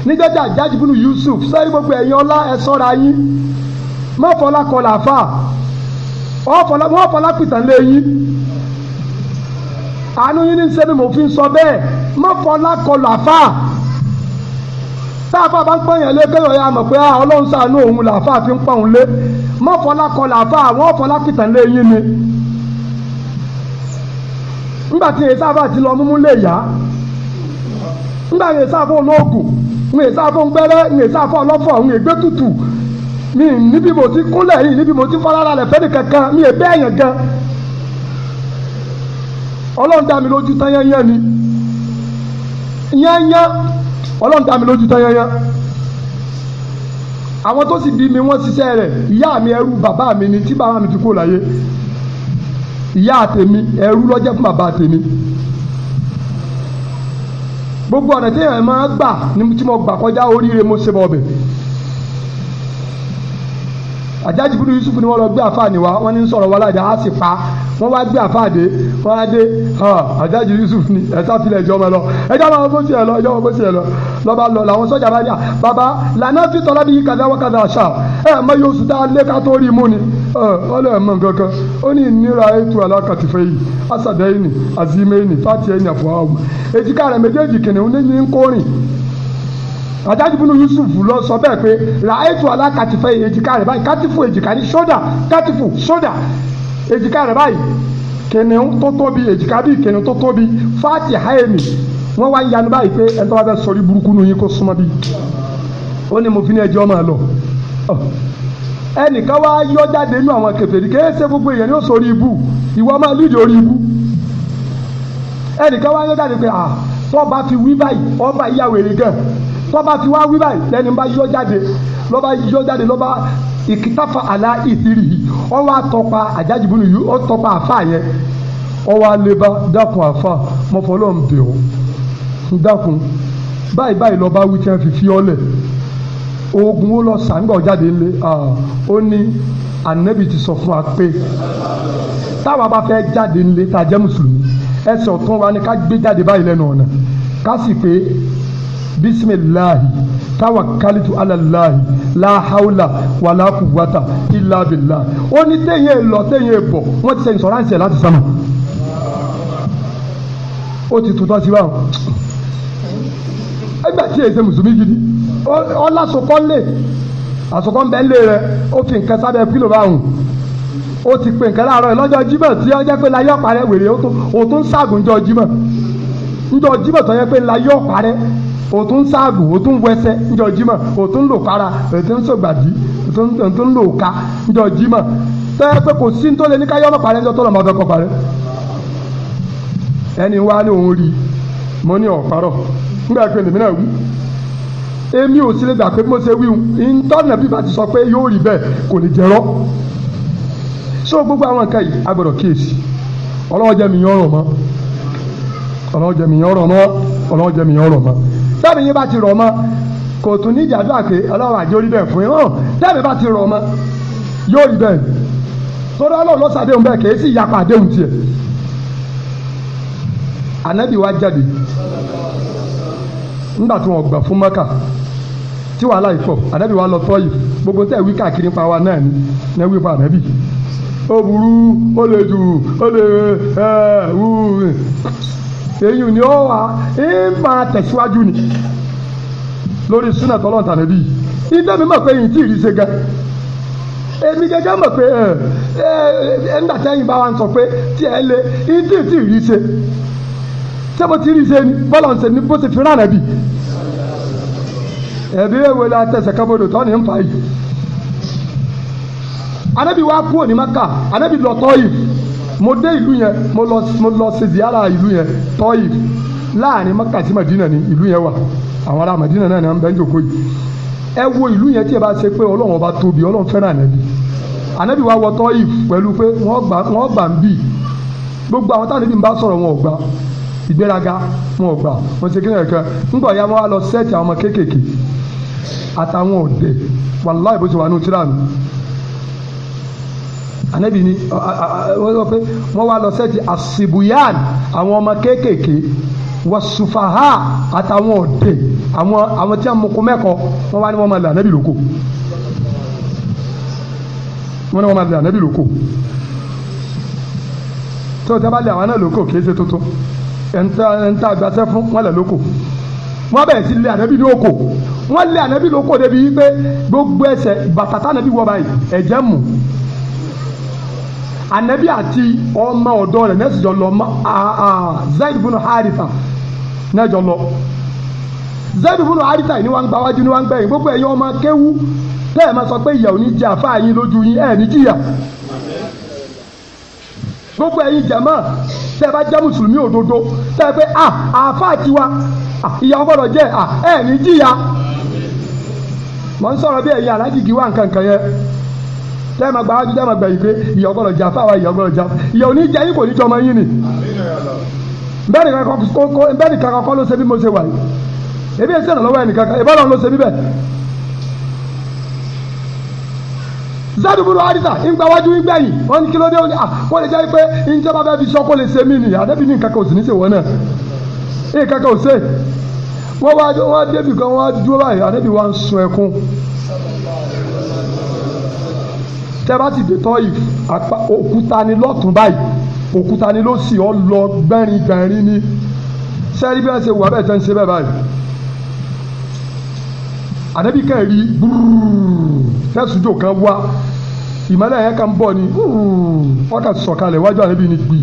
nígbàtí Hajjaj bunu Yusuf sẹ́rí gbogbo ẹ̀yin ọlá ẹ sọ́ra yín mọ́fọlá kọlà fà wọ́n fọlá pìtàn lé yín àánú yín ní sẹ́mi mò ń fi sọ bẹ́ẹ̀ mọ́fọlá kọlà fà. sáfà bá ń pọ̀ yẹn lé ya mọ̀ pé ah, ọlọ́run ṣàánú òun làáfà fi ń pọ̀ òun lé mọ́fọlá kọ làáfà àwọn ọ̀fọlá pìtàn lé yín ni tí sáfà ti lọ lè yá nígbà yẹn sáfà olóògùn yẹn sáfà ńgbẹ́rẹ́ yẹn sáfà ọlọ́fọ̀ yẹn gbé tutù mi níbi mo ti kúnlẹ̀ yìí níbi mo ti ni ọlọ́run tá mi lójú tán yẹn yẹn àwọn tó sì bí mi wọ́n ṣiṣẹ́ rẹ̀ ìyá mi ẹrú bàbá mi ni tí bàbá mi ti kó láyé ìyá àtèmi ẹrú lọ́jẹ́ fún bàbá àtèmi gbogbo ọ̀nà tí èèyàn máa gbà ni tí mo gbà kọjá oríire mo ṣe bọ̀ ọ̀bẹ̀ àjájì bínú Yusuf ni wọ́n lọ gbé àfáàní wa wọ́n ní sọ̀rọ̀ wọlé àjà á sì pa wọ́n wá gbé àfáàdé wọ́n á dé àjájì Yusuf ni ẹ̀sà filẹ̀ ìjọ ọmọ lọ ẹjọ́ máa bó tiẹ̀ lọ ẹjọ́ máa bó tiẹ̀ lọ lọ́ba lọ làwọn sọ́jà bá yà bàbá lànà fi tọ́lá bí kàdá wá kàdá àṣà ẹ̀ mọ yóò sùn tá a lé ká tó rí mú ni ọlọ́ ẹ̀ mọ nǹkan kan ó ní ìnira ètò alákàtúfẹ́ yìí asàdẹ́yìn azimẹ́yìn fàtìyẹ́yìn àfọwọ́ èjìká rẹ̀ méjèèjì kìnìún ní ní adájú bínú Yusuf lọ sọ bẹ́ẹ̀ pé làáyétu alákàtìfẹ́ èjìká rẹ̀ báyìí kátìfù èjìká ní ṣódà kátìfù ṣódà èjìká rẹ̀ báyìí kìnìún tó tóbi èjìká bíi kìnìún tó tóbi fati haemi wọ́n wá ń yanu báyìí pé ẹni tó bá fẹ́ sọrí burúkú nù yín kó súnmọ́ bí ó ní mo fi ní ẹjọ́ máa lọ ẹnìkan wá yọ jáde nínú àwọn kèfèrí kéése gbogbo èèyàn yóò sọrí ibú ìwọ máa lídìí orí ibú ẹnìkan wá yọ jáde pé à tó bá fi wí báyìí ọba ìyàwó èrè gan tọ́ba ti wá wí báyìí lẹ́ni bá yọ jáde lọ́ba yọ jáde lọ́ba ìkìtàfà àlá ìsirì yìí ọwọ́ àtọ́pa àjájìbùnú yìí ó tọ́pa àfa yẹn ọwọ́ àleba dákun àfa mọ̀fọ́lọ́ ń bẹ̀ ọ́ dákun báyìí báyìí lọ́ba wí tí wọ́n fi fi ọ́ lẹ̀ oògùn ó lọ sàǹgbà ọ̀jáde ńlẹ̀ ó ní ànábì ti sọ fún wa pé táwa bá fẹ́ jáde ńlẹ̀ tá a jẹ́ mùsùlùmí ẹsẹ̀ ọ̀tún wa ni ká gbé jáde báyìí lẹ́nu ọ̀nà ká sì pé bisimilahi tawakalitu alalahi lahawla walakuwata ilabila ó ní téyẹ lọ téyẹ bọ̀ wọ́n ti sẹ ìsọ̀ránṣẹ́ láti sánmà ó ti tuntun sí wa ẹgbẹ́ tí èyí ṣe mùsùlùmí gidi ọlásùkọ́ lè àsùkọ́ ń bẹ́ lé rẹ ó fi nǹkan sábẹ́ pílò báwùn ó ti pè nǹkan láàárọ̀ lọ́jọ́ jímọ̀ tí ó jẹ́ pé la yọ̀ parẹ́ wèrè ó tó ń ṣàgùn jọ jímọ̀ ń jọ jímọ̀ yẹ pé la yọ̀ o tún ṣáàgùn o tún wẹsẹ níjọ́ jímọ̀ o tún lò kára o tún sọgbàdì o tún lò ká níjọ́ jímọ̀ tẹ́ pé kò sí tó lé ní káyọ́ ọmọ parẹ́ níjọ́ tó lọ́mọ ọdọ́ kan parẹ́ ẹni wá ní òun rí mo ní ọ̀parọ̀ nígbà pé èmi náà wí èmi ò sí lè gbà pé mo ṣe wí ntọ́nà bí bá ti sọ pé yóò rí bẹ́ẹ̀ kò ní jẹ́rọ́ so gbogbo àwọn nǹkan yìí a gbọ́dọ̀ kíyèsí ọlọ́wọ́ jẹ́ mi yọ̀rọ̀ mọ́ ọlọ́wọ́ jẹ́ mi yọ̀rọ̀ mọ́ ọlọ́wọ́ jẹ́ mi yọ̀rọ̀ mọ́ sábì yín bá ti rọ̀ mọ́ kò tún ní ìjàdúrà pé ọlọ́run àjẹ́ orí bẹ́ẹ̀ fún yín hàn bá ti rọ̀ mọ́ yóò rí bẹ́ẹ̀ torí ọlọ́run lọ́sàdéhùn bẹ́ẹ̀ kìí sì yapa àdéhùn tiẹ̀ ànábì wa jáde nígbà tí wọn gbà fún mọ́kà tí wàhálà yìí pọ̀ ànábì wa lọ tọ́ yìí gbogbo tẹ̀ wí káàkiri pa wa náà ni náà wí pa ànábì ó burú ó le jù ó le ẹ wú èyí ni ó wà é máa tẹ̀síwájú ni lórí súnà tọ́lọ̀ tàbí bíi ilé mi mọ̀ pé yìí tí ì rí ṣe gan èmi gẹ́gẹ́ mọ̀ pé ẹ ẹ nígbà tẹ́yìn bá wa ń sọ pé tí ẹ lé yìí tí ì tí ì rí ṣe ṣé mo ti rí ṣe ni bọ́lá ń ṣe ni bó ṣe fi rán àbí ẹ̀bí èwo la tẹ̀sẹ̀ kábọ̀dọ̀ tọ́ ni ń fa yìí anabi wa kúrò ní maka anabi lọ tọ́ yìí. mo dé ìlú yẹn mo lọ mo lọ ṣe ziara ìlú yẹn tọ́yì láàrin Mẹ́kà Madina ni ìlú yẹn wà àwọn ará Madina náà ni à ń bẹ́ ń yìí ẹ wo ìlú yẹn tí ẹ bá se pé Ọlọ́run ọba tóbi Ọlọ́run fẹ́ràn ànábì ànábì wa wọ pẹ̀lú pé wọ́n gbà ń gbogbo àwọn táwọn ẹbí ń bá sọ̀rọ̀ wọn ò gbà ìgbéraga wọn ò gbà kí ńgbọ̀ ya wọn wá lọ sẹ́ẹ̀tì anabi ni wọ́n sọ pé wọ́n wá lọ sẹ́ẹ̀tì asibuyan àwọn ọmọ kéékèèké wasufaha àtàwọn ọ̀dẹ̀ àwọn àwọn tí wọ́n mú kó mẹ́kọ̀ọ́ wọ́n wá ní wọ́n máa lè anabi lóko wọ́n ní wọ́n máa lè anabi lóko tó tẹ́ bá lè àwọn náà lóko kì ṣe tuntun ẹ̀ńtà àgbàṣẹ́ fún wọ́n lè lóko wọ́n bẹ̀rẹ̀ sí lé ànábì lóko wọ́n lé ànábì lóko débi wípé gbogbo ẹsẹ̀ bàtàtà ànábì wọ̀ báyìí ẹ̀jẹ̀ mú anabi àti ọmọ ọ̀dọ́ rẹ̀ nẹ́ẹ̀sì jọ lọ zaid bunu haritha nẹ́ẹ̀jọ lọ zaid bunu haritha ni wọ́n ń gbáwájú ni wọ́n ń gbẹ̀yìn gbogbo ẹ̀yọ́ ọmọ kéwú tẹ́ ẹ̀ máa sọ pé ìyàwó ní jẹ́ àfáà yín lójú yín ẹ̀ ní jìyà gbogbo ẹ̀yin jẹ̀mọ́ tẹ́ ẹ bá jẹ́ mùsùlùmí òdodo tẹ́ ẹ pé à àáfàá tiwa ìyàwó gbọ́dọ̀ jẹ́ à ẹ̀ ní jìyà mọ̀ ń sọ̀rọ̀ bí ẹ̀yin alájìgì wà nǹkan kan lẹ́ẹ̀ma gba wájú lẹ́ẹ̀ma gbẹ̀yìn pé ìyà ọgọ́dọ̀ jà fáwa ìyà ọgọ́dọ̀ jà ìyà òní jẹ yín kò ní jọmọ yín ni bẹ́ẹ̀ni kankan kọ́ ló ṣe bí mo ṣe wà yìí ebi ẹsẹ̀ ìrànlọ́wọ́ ẹnì kankan ìbọn ló ṣe bí bẹ́ẹ̀. zaduburu arisa ńgbà wájú ńgbà wọn kí ló dé wọn kó ah, lè jẹ́ pé ìjọba bẹ́ẹ̀ fi sọ kó lè ṣe mí nìyí àdébí tẹ́bátì dé tọ́ ìf òkúta ni lọ́tún báyìí òkúta ni ló sì ọ́ lọ gbẹ́rin gbẹ̀rin ni sẹ́rí bẹ́ẹ̀ ṣe wà bẹ́ẹ̀ tẹ́ ń ṣe bẹ́ẹ̀ báyìí ànábì kan rí tẹ́sùjò kan wá ìmọ̀lẹ́ yẹn kan bọ̀ ni wọ́n sọ̀kalẹ̀ wájú ànábì ni gbì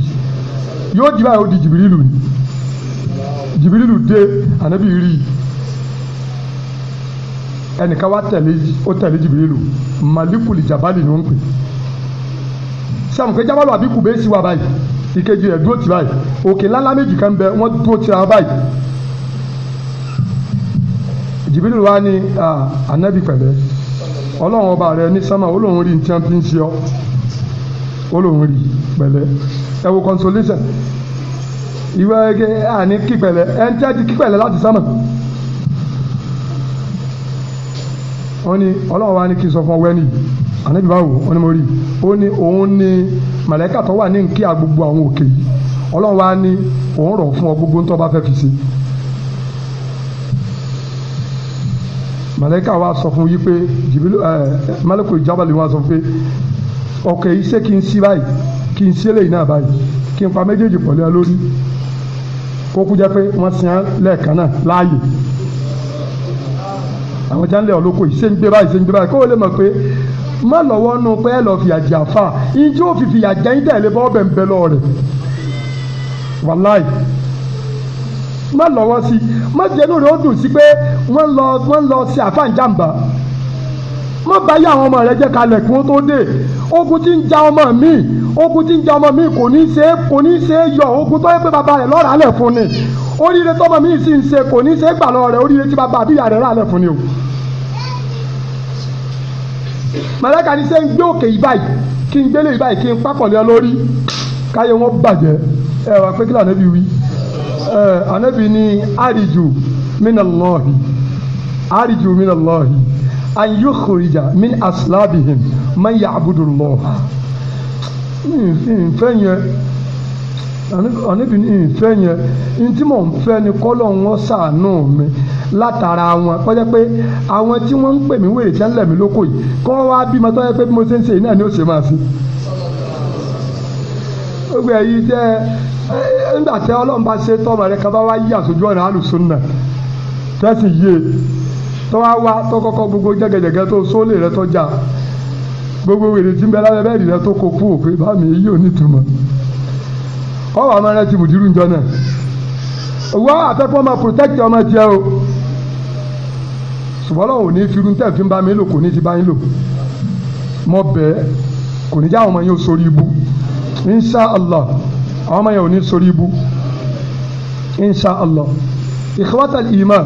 yóò di báyìí di jìbìrìlù ni jìbìrìlù dé ànábì rí i ẹnìkan wá tẹ̀lé ó tẹ̀lé Jibrilu malikuli jabali ni wọ́n ń pè sẹ́wọ̀n pé jabalu àbí kùbẹ́sì wà báyìí ìkejì rẹ̀ dúró ti báyìí òkè ńláńlá méjì kan bẹ wọ́n dúró ti ra báyìí Jibrilu wa ni anabi pẹ̀lẹ́ ọlọ́run ọba rẹ ní sámà olóhùn rí nǹkan fi ń ṣe ọ olóhùn rí pẹ̀lẹ́ ẹ wo consolation ìwé ẹgẹ àní kípẹ̀lẹ́ ẹ ń tẹ́ di kípẹ̀lẹ́ láti sámà. oni ní ọlọ́run wa ní kí n sọ fún ọ wẹ́nì ànábì báwo wọ́n ní mo rí ó ní òun ní màlẹ́kà tó wà ní nkí àgbogbo àwọn òkè yìí ọlọ́run wa ní òun rọ̀ fún ọ gbogbo ntọ́ bá fẹ́ fi ṣe. màlẹ́kà wa sọ fún yí pé jìbìlú ẹ eh, málẹ́kù ìjábàlì wa sọ pé ọkẹ́ yìí ṣé kí n sí báyìí kí n ṣe léyìn náà báyìí kí n pa méjèèjì pọ̀lẹ́ lórí kó jẹ́ pé wọ́n sin lẹ́ẹ̀kan náà láàyè àwọn jáńlẹ̀ olóko yìí ṣé ń gbé báyìí ṣé ń gbé báyìí kó o lè mọ̀ pé má lọ́wọ́ nu pé ẹ lọ́ọ́ fìyà jẹ àfa yín tí ó fi fìyà jẹ yín tẹ̀lé bọ́ bẹ̀ ń bẹ lọ rẹ̀ wàláì má lọ́wọ́ sí má jẹ́ inú rẹ̀ ó dùn sí pé wọ́n lọ wọ́n lọ sí àfa má bá yá àwọn ọmọ rẹ jẹ́ kalẹ̀ kí wọ́n tó dé ogun tí ń ja ọmọ mi ogun tí ń ja ọmọ mi kò ní ṣe é kò ní ṣe é yọ ogun tó yẹ pé bàbá rẹ̀ lọ́ọ́ ràálẹ̀ fún ni oríire tọ́mọ mi sì ń ṣe kò ní ṣe é gbà lọ́wọ́ rẹ̀ oríire tí bàbá àbíyá rẹ̀ ràálẹ̀ fún ni o. màlẹ́kà ni ṣe ń gbé òkè yìí báyìí kí n gbélé yìí báyìí kí n pákọ̀lẹ́ lórí káyé wọn bàjẹ́ ẹ wà pé kí lànà bí wí ẹ ànábì ni àríjù mínàlọ́ọ̀hì àríjù mínàlọ́ọ̀hì an yukhrija min aslabihim man ya'budu Allah nfẹ́ yẹn àníbi nfẹ́ yẹn ntí mò ń fẹ́ ni kọ́lọ̀ wọn ṣàánú mi látara wọn kọjá pé àwọn tí wọ́n ń pè mí wèrè tí wọ́n ń lẹ̀ mí lóko yìí kọ́ wá bímọ tó yẹ pé bí mo ṣe ń ṣe yìí náà ni ó ṣe máa fi gbogbo ẹ̀yin tẹ́ ẹ ńgbà tẹ́ Ọlọ́run bá ṣe tọ́mọ rẹ kaba wá yí àsojú ọ̀nà alùsùn náà tẹ́sí yé e tó wá wá tó kọ́kọ́ gbogbo jẹ́gẹ́jẹ́gẹ́ tó sólè rẹ tó jà gbogbo wèrè tí ń bẹ lábẹ́ bẹ́ẹ̀dì rẹ tó kó kú òfin bá mi èyí ò ní ìtumọ̀ ọwọ́ àmọ́ rẹ ti mùdírù ń jọ náà wá àfẹ́fọ́ máa protect ọmọ tiẹ̀ o ṣùgbọ́n lọ́wọ́ ò ní firun tẹ̀ fi ń bá mi lò kò ní ti bá yín lò mọ bẹ́ẹ̀ kò ní já àwọn ọmọ yẹn ò sórí ibu insha allah àwọn ọmọ yẹn ò ní sórí ibu insha allah ikhwatal iman.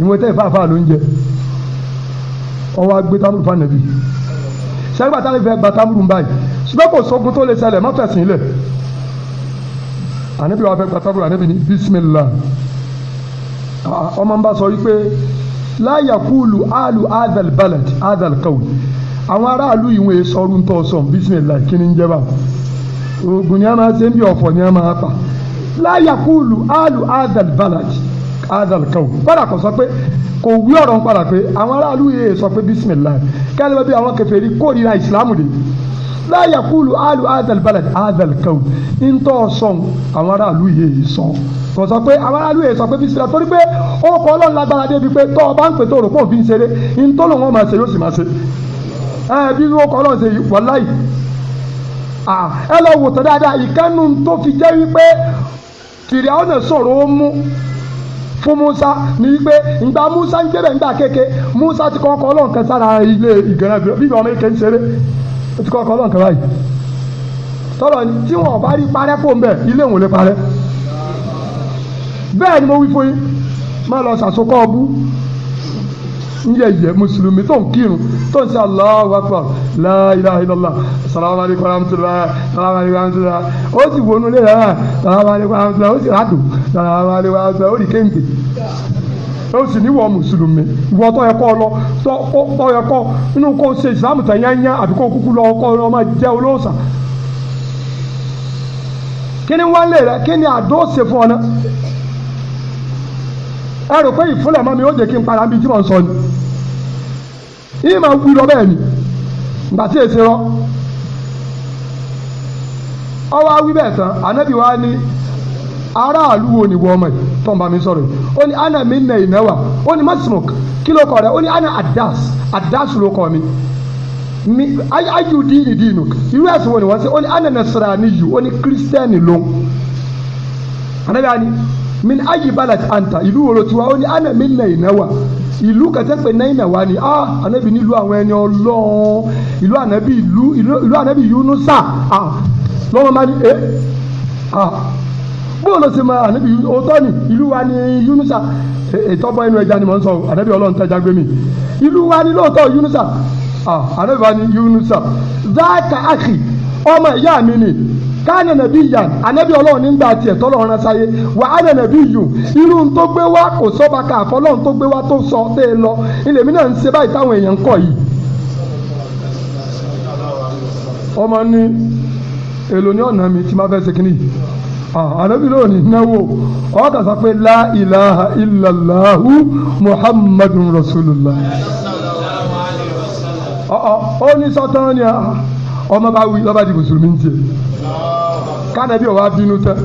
ìwọ̀n tẹ́ ìfáfá ló ń jẹ ọwọ́ agbé támúrù fún ànàbí sẹ́gbà tá a lè fẹ́ gba támúrù báyìí ṣùgbọ́n kò sógun tó lè ṣẹlẹ̀ má fẹ̀sìn ilẹ̀ ànàbí wa fẹ́ gba támúrù ànàbí ní bísímìlá ọmọ nbà sọ wípé láyà àlù adal balad adal kawul àwọn aráàlú ìwọ̀n èso ọdún tó sọ bísímìlá kí ni ń jẹ́ báwọn oògùn ni a máa ṣe ń bí ọ̀fọ̀ ni a máa pa láyà àlù adal balad adal kaw padà kò sọ pé kò wí ọ̀rọ̀ ń padà pé àwọn aráàlú yìí sọ pé bisimilayi kẹ́lẹ́ bí àwọn kèfèrí kórìíra ìsìlámù de láyà kúlù alu adal balad adal kaw ntọ́ sọ̀n àwọn aráàlú yìí sọ kò sọ pé àwọn aráàlú yìí sọ pé bisimilayi torí pé ó kọ́ ọlọ́run lágbára débi pé tọ́ ọ bá ń pè tó rò pọ̀ fi ń ṣeré ntọ́lọ́ wọn máa ṣe yóò sì máa ṣe ẹ bí ó kọ́ ọlọ́run ṣe wàláyì ẹ lọ wò tán dáadáa ìkànnù tó fi jẹ́ wípé fìrìhàn sọ̀rọ̀ ó mú fún Musa ní wípé ìgbà Musa ń débẹ̀ ńgbà kéke Musa ti kọ́kọ́ ọlọ́run sára ilé ìgànnà bíbí ọmọ èké ń ṣeré ó ti kọ́kọ́ ọlọ́run kan báyìí tọ́lọ̀ ni tí wọn bá rí parẹ́ fún bẹ́ẹ̀ ilé òun lè parẹ́ bẹ́ẹ̀ ni mo wí fún yín má lọ sàsokọ́ ọbú ń yẹ̀yẹ́ mùsùlùmí tó ń kírun tó ń ṣe Allahu Akbar la ilaha illallah salamu alaykum ah, ó sì wọnú lé rárá salamu alaykum ó sì rádùn salamu alaykum ó rí kéńté o sì ní mùsùlùmí ìwọ tó yẹ lọ tó yẹ kọ inú kó ṣe ìsìlámù yányá àbí kúkú lọ kọ lọ máa jẹ olóòṣà kíni wálé rẹ kíni àdó ṣe fún ọ náà ẹ rò pé ìfúnlẹ̀ mọ́ mi ó jẹ́ kí n para bí tí mo sọ ni yìí máa wí lọ bẹ́ẹ̀ ni ìgbà tí èsì rọ ọ wá wí bẹ́ẹ̀ tán ànábì wa ní aráàlú wo ni wọ́n mọ̀ yìí tó ń bá mi sọ̀rọ̀ yìí ó ní ana mi nà ìnáwà ó ní masimok kí ló kọ rẹ ó ní ana adas adas ló kọ mi mi ayu díìnì díìnù irú ẹ̀sìn wo ni wọ́n ṣe ó ní ana nasarani yìí ó ní kírísítẹ́nì ló ń ànábì wa ní min ayi balad anta ìlú wòlò tiwa ó ní ana mi nà ìná wa ìlú kẹtẹ́pẹ́ náà ìnà wa ni ah anabi ní ìlú àwọn ẹni ọlọ́run ìlú anabi ìlú ìlú anabi yunusa ah lọ́wọ́ máa ní eh ah bóòlù sí ma anabi òótọ́ ni ìlú wa ni yunusa ìtọ́bọ̀ eh, inú ẹja ni mò ń sọ anabi ọlọ́run tẹ́já gbé mi ìlú wa ni lóòótọ́ yunusa ah anabi wa ni yunusa zaaka akhi ọmọ ìyá mi ni káàní nàbí yàn ànábì ọlọ́run nígbà tiẹ̀ tọ́lọ́run rán sáyé wà á nà nàbí yù irú tó gbé wá kò sọ́ba ká àfọlọ́run tó gbé wá tó sọ tẹ́ lọ ilẹ̀ mi náà ń ṣe báyìí táwọn èèyàn ń kọ̀ yìí. ọmọ ní èlò ní ọ̀nà mi tí máa fẹ́ ṣe kínní ànábì lónìí náwó ọ̀ọ́kà sọ pé la ilaha illallahu muhammadun rasulullah ó ní sọ́tàn ni ah, ọmọ bá wí lọ́ba di mùsùlùmí ń tiẹ̀ kánàbí ọ̀wá bínú tán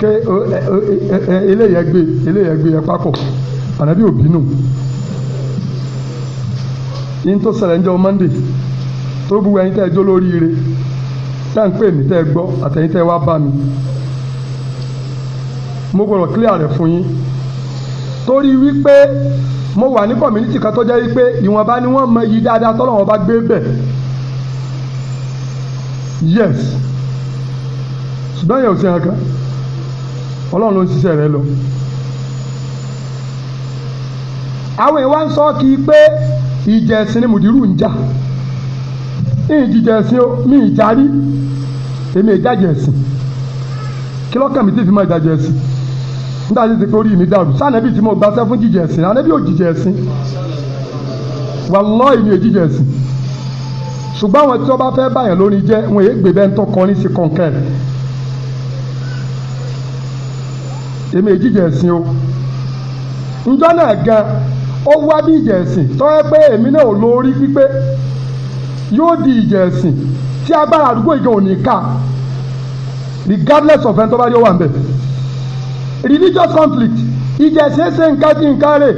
ké eléyẹ gbé eléyẹ gbé ẹ pákọ̀ ànàbí ò bínú yín tó ṣẹlẹ̀ ńjọ́ Monday tó bu ẹyin tẹ́ ẹ jó lóríire tẹ́ ń pè mí tẹ́ gbọ́ àtẹ̀yìn tẹ́ wá bá mi mo gbọ́dọ̀ clear rẹ̀ fún yín torí wípé mo wà ní community kan tó jẹ́ wípé ìwọ̀nba ni wọ́n mọ iyì dáadáa tọ́lọ́wọ́n bá gbé bẹ̀ yes ṣùgbọ́n yẹn ò sí ẹ̀ka ọlọ́run ló ń ṣiṣẹ́ rẹ lọ. àwọn èèyàn wá ń sọ kí i pé ìjẹ̀sìn ni mùdírù ń jà ní ìjìjẹ̀sìn o ní ìjarí èmi ìjàjẹ̀sìn kí lọ́kàn mi ti fi máa ìjàjẹ̀sìn nígbà tí ti pé orí mi dàrú sànẹ́bí tí mo gbàṣẹ́ fún jíjẹ̀sìn ànẹ́bí ò jíjẹ̀sìn wàlọ́ọ̀ èmi ò jíjẹ̀sìn ṣùgbọ́n àwọn tí wọ́n bá fẹ́ báyàn lórí jẹ́ wọn èé gbé bẹ́ẹ̀ ń tọ́ kọrin sí kọ̀ǹkẹ́rì èmi èjì jẹ̀sìn o njọ́ náà gan ó wá bí ìjẹ̀sìn tọ́wọ́ pé èmi náà ò lórí pípé yóò di ìjẹ̀sìn tí agbára àdúgbò ìjọ ò ní ká regardless of ẹni tó bá yóò wà nbẹ religious conflict ìjẹ̀sìn ṣe nǹkan tí nǹkan rè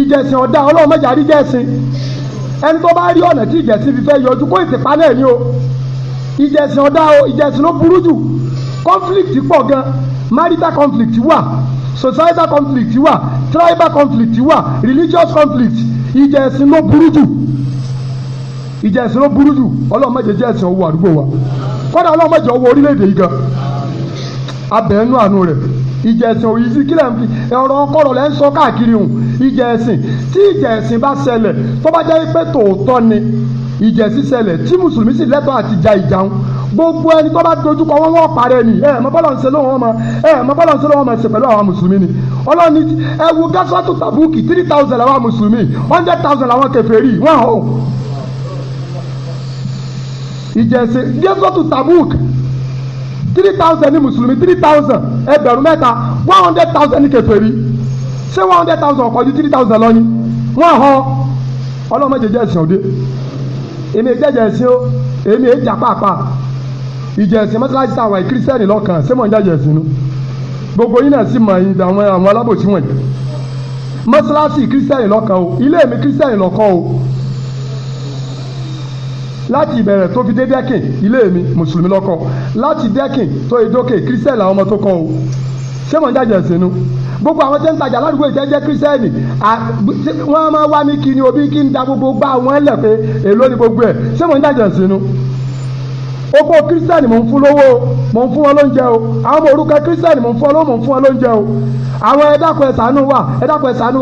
ìjẹ̀sìn ọ̀dà ọlọ́run mẹ́jà rí jẹ̀sìn ẹni tó bá rí ọ̀nà tí ìjẹ̀sìn fi fẹ́ yọjú kó ìtìpá náà ni o ìjẹ̀sìn ọ̀dà o ìjẹ̀sìn ló burú jù conflict pọ̀ gan marital conflict wa. societal conflict wa. tribal conflict wa. religious conflict ìjà ẹ̀sìn ló burú jù ìjà ẹ̀sìn ló burú jù ọlọ́run má jẹ́ jẹ́ ẹ̀sìn ọwọ́ àdúgbò wa kọ́dà ọlọ́run má jẹ́ ọwọ́ orílẹ̀-èdè yìí gan abẹ́ẹ́nú àánú rẹ̀ ìjà ẹ̀sìn òyìn sí kílẹ̀ ń fi ọ̀rọ̀ ọkọ̀rọ̀ lẹ́ ń sọ káàkiri hùn ìjà ẹ̀sìn tí ìjà ẹ̀sìn bá ṣẹlẹ̀ tó bá jẹ́ pé tòótọ́ ni ìjà ẹ̀sìn ṣẹlẹ̀ tí mùsùlùmí sì lẹ́tọ̀ọ́ àti ja ìjà hùn gbogbo ẹni tó bá dojú kọ wọn wọ́n parẹ́ ni ẹ mọ bọ́lá ń ṣe lóhùn ọmọ ẹ mọ bọ́lá ń ṣe lóhùn ọmọ ṣe pẹ̀lú àwọn mùsùlùmí ni ọlọ́ni ẹ wo gásọ́tù tàbúkì three thousand làwọn mùsùlùmí hundred thousand làwọn kèfèrí wọ́n hàn ìjẹsẹ gásọ́tù tàbúkì three thousand ni mùsùlùmí three thousand ẹgbẹ̀rún mẹ́ta one hundred thousand ni kèfèrí ṣé one hundred thousand ọkọ̀ ju three thousand lọ ni wọ́n hàn ọlọ́mọdé jẹ́ ẹ̀sìn òde èmi jẹ́jẹ́ ẹ̀sìn o èmi èjà pàápàá ìjẹ̀sìn mọ́sálásí àwọn kírísítẹ́nì lọ́kàn ṣé mọ̀ ń jàjẹ̀ sínú gbogbo yín náà sì mọ̀ àwọn àwọn alábòsí wọ̀nyí mọ́sálásí kírísítẹ́nì lọ́kàn o ilé mi kírísítẹ́nì lọ́kàn o láti ìbẹ̀rẹ̀ tó fi dé dẹ́kìn ilé mi mùsùlùmí lọ́kàn láti dẹ́kìn tó yẹ dókè kírísítẹ́nì làwọn ọmọ tó kọ́ o ṣé mọ̀ ń jàjẹ̀ sínú gbogbo àwọn tẹ́ ń tajà ládùúgbò ìtẹ́jẹ́ kírísítẹ́nì wọ́n máa wá ní kíni obi kí ń da gbogbo gbá wọn lẹ̀ pé èló ni gbogbo ẹ̀ ṣé mọ̀ ń jàjẹ̀ sínú. oko kristian mò ń fún lówó mò ń fún wọn lóúnjẹ o àwọn ọmọ òrukàn kírísítẹ́nì mò ń fún wọn lówó mò ń fún wọn lóúnjẹ o àwọn ẹ dákun ẹ wa gbogbo ẹ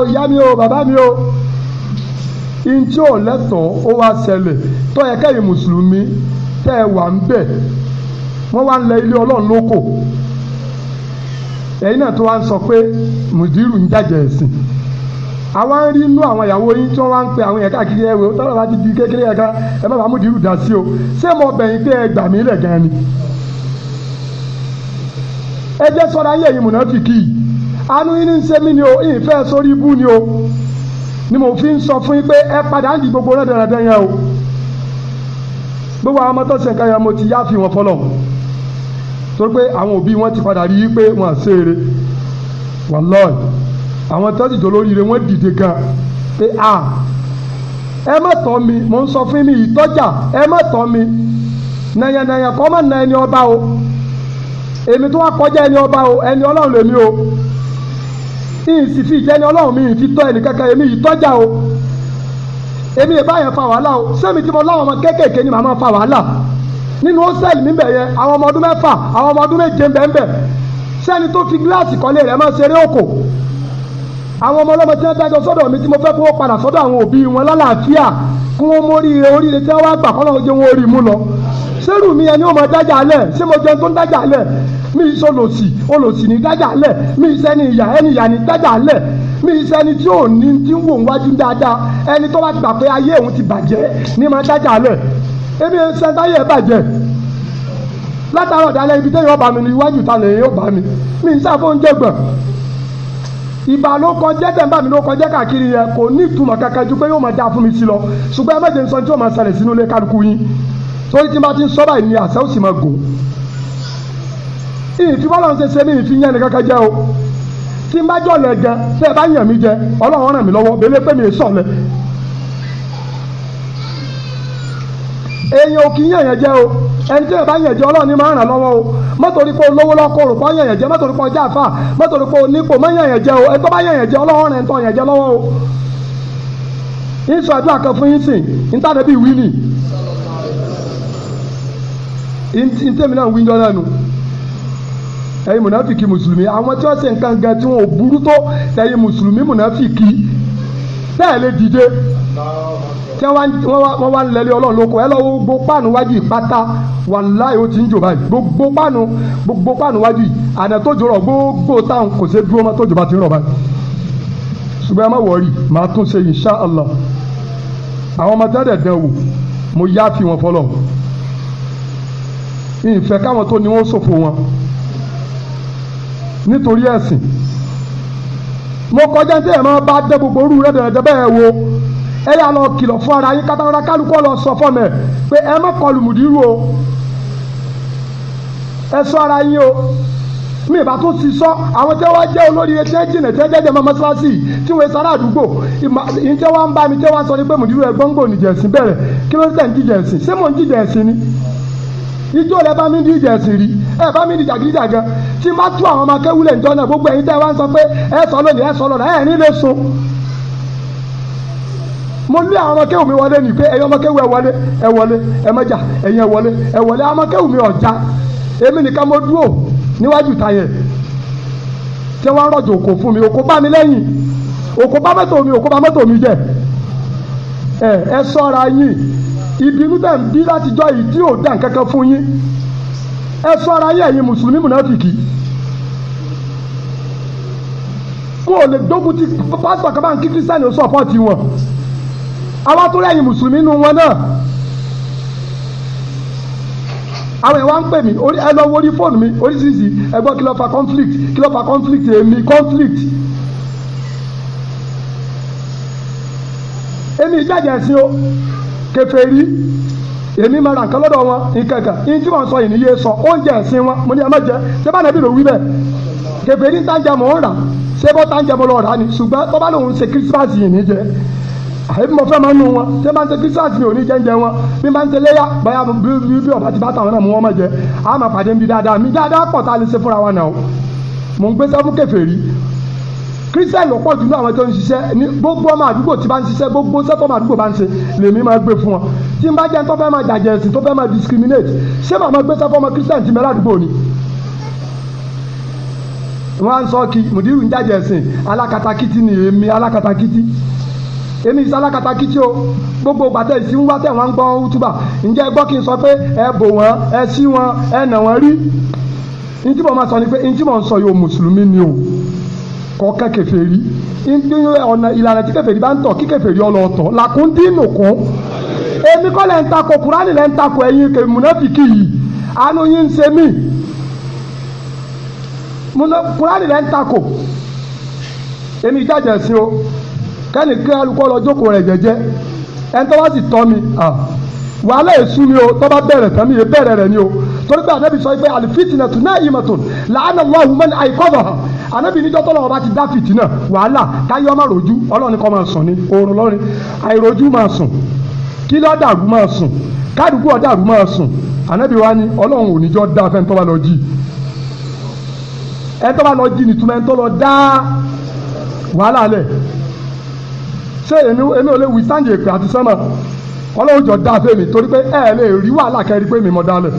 o ìyá mi o bàbá mi o ntí ò lẹ́tọ̀ọ́ ó wá ṣẹlẹ̀ kẹ́yìn mùsùlùmí tẹ́ ẹ wà ń bẹ̀ wọ́n wá ń lẹ ilé ọlọ́run lóko ẹ̀yin náà tó wá àwọn ń n àwọn ìyàwó yín tí wọ́n wá ń pe àwọn yẹn káàkiri ẹ̀wẹ̀ ó tọ́lá láti di kékeré yẹn kan ẹ má bàa mú dìrú dà sí o ṣé mo bẹ̀yìn pé ẹ gbà mí lẹ̀ gan ni. ẹ jẹ́ sọ́ra yẹ̀ yìí mùnàfíkì anú yín ní ṣe ni o ìfẹ́ sórí ibú ni o ni mo fi ń sọ fún yín pé ẹ padà ń di gbogbo dẹ̀rẹ̀dẹ̀ yẹn o gbogbo àwọn ọmọ tó ṣe nǹkan ti yáfi wọn torí pé àwọn òbí wọn àwọn tọ́jú tó lóríire wọ́n dìde gan pé a ẹ má tọ́ mi mò ń sọ fún mi ìtọ́jà ẹ má tọ́ mi nàyànàyà kọ́ má na ẹni ọba o èmi tó wá kọjá ẹni ọba o ẹni ọlọ́run lèmi o ìyìn sì fi ìjẹni ọlọ́run mi ti tọ́ ẹnì kankan èmi ìtọ́jà o èmi ìbá yẹn fa wàhálà o sẹ́mi tí mo láwọn ọmọ kéékèèké ni màá máa fa wàhálà nínú ọ́sẹ̀lì níbẹ̀ yẹn àwọn ọmọ ọdún mẹ́fà àwọn ọmọ ọdún méje ń bẹ́ẹ̀ bẹ́ẹ̀ sẹ́ni tó fi gíláàsì kọ́lé rẹ̀ máa ṣeré òkò àwọn ọmọ ọlọ́mọ tí wọ́n dájọ́ sọ́dọ̀ mi tí mo fẹ́ kó wọ́n padà sọ́dọ̀ àwọn òbí wọn lálàáfíà kí wọ́n móríire oríire tí wọ́n wá gbà kọ́ lọ́wọ́ jẹ́ wọn orí mú lọ. sẹ́rù mi yẹn ni ó mọ dájà alẹ̀ ṣé mo jẹun tó ń dájà alẹ̀ mi ìṣe olòṣì olòṣì ní dájà alẹ̀ mi ìṣe ni ìyà ẹni ìyà ní dájà alẹ̀ mi ìṣe ẹni tí ò ní ti ń wò wájú dáadáa ẹni tó bá gbà pé ayé òun ti bàjẹ́ ní máa dájà alẹ̀ ebi sẹ́ńtáyé ẹ̀ bàjẹ́ látàrọ̀ dálẹ́ ibi tẹ́yìn ọba mi ni iwájú ta lè ọba mi mi ìṣàfóúnjẹ gbọ̀n ìbà ló kọjá tẹ̀m̀bà mi ló kọjá káàkiri yẹn kò ní ìtumọ̀ kankan ju pé yóò máa dá fún mi sí lọ ṣùgbọ́n ẹ má jẹ́ n sọ tí yóò máa ṣẹlẹ̀ sínú ilé kálukú yín torí tí n bá ti ń sọ báyìí ni àṣẹ ó sì máa gùn. ìyìn tí wọ́n lọ́n ṣe ṣe mí ìfi yẹn nìkan jẹ́ o tí n bá jọ̀lẹ̀ gan tẹ́ ẹ bá yàn mí jẹ Ọlọ́run ràn mí lọ́wọ́ bẹ́ẹ̀ lé pé mi ì sọ̀lẹ̀ Eyi ò kì í yẹ̀yẹ̀ jẹ́ o ẹni tí yàrá yẹ̀jẹ̀ ọlọ́run ni máa ràn lọ́wọ́ o mọ́tòrí pé olówó lọ́kọ̀ òrùpá yẹ̀yẹ̀ jẹ́ mọ́tòrí pé ọjà àfà mọ́tòrí pé onípò má yẹ̀yẹ̀ jẹ́ o ẹtọ́ bá yẹ̀yẹ̀ jẹ́ ọlọ́run rẹ̀ ń tọ́ yẹ̀jẹ̀ lọ́wọ́ o. yín sọ àdúrà kan fún yín sìn ń tàdé bíi wí náà náà nù ẹ̀yin mùnàfìkì mùsùlùmí sẹ́ẹ̀ lè dìde tí wọ́n wá lẹ́lẹ́ ọlọ́run lóko ẹ lọ́wọ́ gbogbo páànù wájú ìpátá wàláì ó ti ń jò báyìí gbogbo páànù gbogbo páànù wájú yìí àná tó jòrọ̀ gbogbo táwọn kò ṣe dúró mọ́ tó jòba ti ń rọ̀ báyìí ṣùgbọ́n ẹ má wọ̀ọ́rì màá tún ṣe insha Allah àwọn ọmọ tẹ́lẹ̀ dẹ̀ wò mo yá fi wọn fọlọ́ ìfẹ́ káwọn tó ni wọ́n ṣòfò wọn nítorí ẹ̀sìn mo kọjá sí ẹ̀rọ bá dẹ́ gbogbo orú rẹ̀ dẹ̀rẹ̀dẹ̀ bẹ́ẹ̀ wo ẹ yà lọ kìlọ̀ fún ara yín kátàkárá kálukọ́ lọ sọ fọ́ mẹ́ pé ẹ má kọlù mùdírù o ẹ sọ ara yín o mi ìbá tún ti sọ àwọn tí wọn jẹ olóríire tí wọn jìnà tí wọn jẹjẹ mọ mọṣáláṣí tí wọn sara àdúgbò ìyẹn tí wọn bá mi tí wọn sọ ni pé mùdírù ẹ gbọ́ngbò nìjẹ̀sìn bẹ̀rẹ̀ kí ló ń tẹ̀ ń jíjẹ̀sìn ṣé mò ń jíjẹ̀sìn ni ijó lẹ bá mi ń jíjẹ̀sìn rí ẹ bá mi dìjà gídíjà gan tí má tú àwọn ọmọ akẹ́wúlẹ̀ ìjọ náà gbogbo ẹ̀yin tẹ́ wá ń sọ pé ẹ sọ lónìí ẹ sọ lọ́la ẹ ní lè sùn. mo lé àwọn ọmọ mi wọlé ni pé ẹ̀yin ọmọ kéwù ẹ wọlé ẹ wọlé ẹ mẹ́jà ẹ̀yin ẹ wọlé ẹ wọlé àwọn ọmọ mi ọ̀já èmi nìkan mo dúró níwájú tí òkò fún mi òkò bá mi lẹ́yìn òkò bá mi òkò bá mi jẹ ẹ ẹ yín ìbínú tẹ̀ ń bí látijọ́ yìí tí ò ẹ ṣọ́ra yẹ ẹ̀yin mùsùlùmí mùnàfìkì wọn ò lè dógun ti pásítọ̀ kan bá ń kí kírísítẹ́nì ó sọ̀pọ̀tì wọn àwa tó rí ẹ̀yin mùsùlùmí nu wọn náà àwọn ìwà ń pè mí ẹ lọ wo orí fóònù mi oríṣiríṣi ẹ gbọ́ kí ló fa conflict kí ló fa conflict èmi conflict. èmi ìjájà ẹ̀sìn o kèfèrí èmi máa ra nǹkan lọ́dọ̀ wọn ìkẹ̀kẹ̀ ní tí wọ́n sọ yìí níye sọ oúnjẹ ẹ̀sìn wọn mo ní ẹ jẹ ṣé bá nàbí ló wí bẹ́ẹ̀ kẹfẹ́ ní tájà mọ̀ ń rà ṣé bọ́ tájà mọ̀ lọ rà ni ṣùgbọ́n tó bá lòun ṣe kírísímàsì yìí níjẹ àbí mo fẹ́ máa ń nu wọn ṣé máa ń ṣe kírísímàsì mi ò ní jẹ́ǹjẹ́ wọn bí máa ń ṣe léyà báyà bí bí ọ̀bá ti bá tàwọn náà mú wọn mọ̀ jẹ a lè christian ló pọ̀ jù ní àwọn tó ń ṣiṣẹ́ ní gbogbo ọmọ àdúgbò tí bá ń ṣiṣẹ́ gbogbo sẹ́tọ̀ ọmọ àdúgbò bá ń ṣe lèmi máa gbé fún wọn tí n bá jẹ́ tó fẹ́ máa jàjẹ́ ẹ̀sìn tó fẹ́ máa discriminate ṣé màmá gbé sẹ́fọ́ ọmọ christian ti mẹ́rẹ́ àdúgbò ni. wọ́n á ń sọ kí mùdírù ń jàjẹ́ ẹ̀sìn alákatakítí ni èmi alákatakítí èmi ìsá alákatakítí o gbogbo gbàtẹ́ ìsìn wá tẹ̀ wọ́n ń gbọ́ túbà ǹjẹ́ gbọ́ kí n sọ pé ẹ bò wọ́n ẹ sí wọn ẹ nà wọ́n rí ntí mo máa sọ ni pé ntí mo ń sọ yóò mùsùlùmí ni o kọ̀ọ̀kan kèfèrí ọ̀nà ìlànà tí kèfèrí bá ń tọ̀ kí kèfèrí ọlọ́ọ̀tọ̀ làkúndínù kún èmi kọ́ lẹ́ ń takò kúránì lẹ́ ń takò ẹ̀yin kèmùnáfìkì yìí àánú yín ń ṣe mí kúránì lẹ́ ń takò èmi jàjẹ̀ sí o kẹ́ni kí alukọ́ lọ jókòó rẹ̀ jẹ́jẹ́ ẹni tó bá sì tọ́ mi wàhálà èṣù mi o tó bá bẹ̀rẹ̀ tán mi yé bẹ̀rẹ̀ rẹ̀ ni o torí pé anabi sọ pé alifitina tún náà ìmọ̀ tún làánà Allahu man àìkọ́dọ̀ hàn anabi níjọ́ tọ́lọ̀ ọba ti dá fìtínà wàhálà táyọ̀ máa rojú ọlọ́run kọ́ máa sùn ni oorun lọ́rin àìrojú máa sùn kí ló dàrú máa sùn kádùkú ọ̀dàrú máa sùn anabi wa ni ọlọ́run ò níjọ́ dá fẹ́ tó bá lọ jí ẹ tó bá lọ jí ni túmẹ̀ tó lọ dá wàhálà lẹ̀ ṣé èmi ò lè wí sáǹdì èpè àti sẹ́mọ̀ ọlọ́run jọ dá fẹ́ mi torí pé ẹ lè rí wàhálà kẹ́rí pé mi mọ̀ dálẹ̀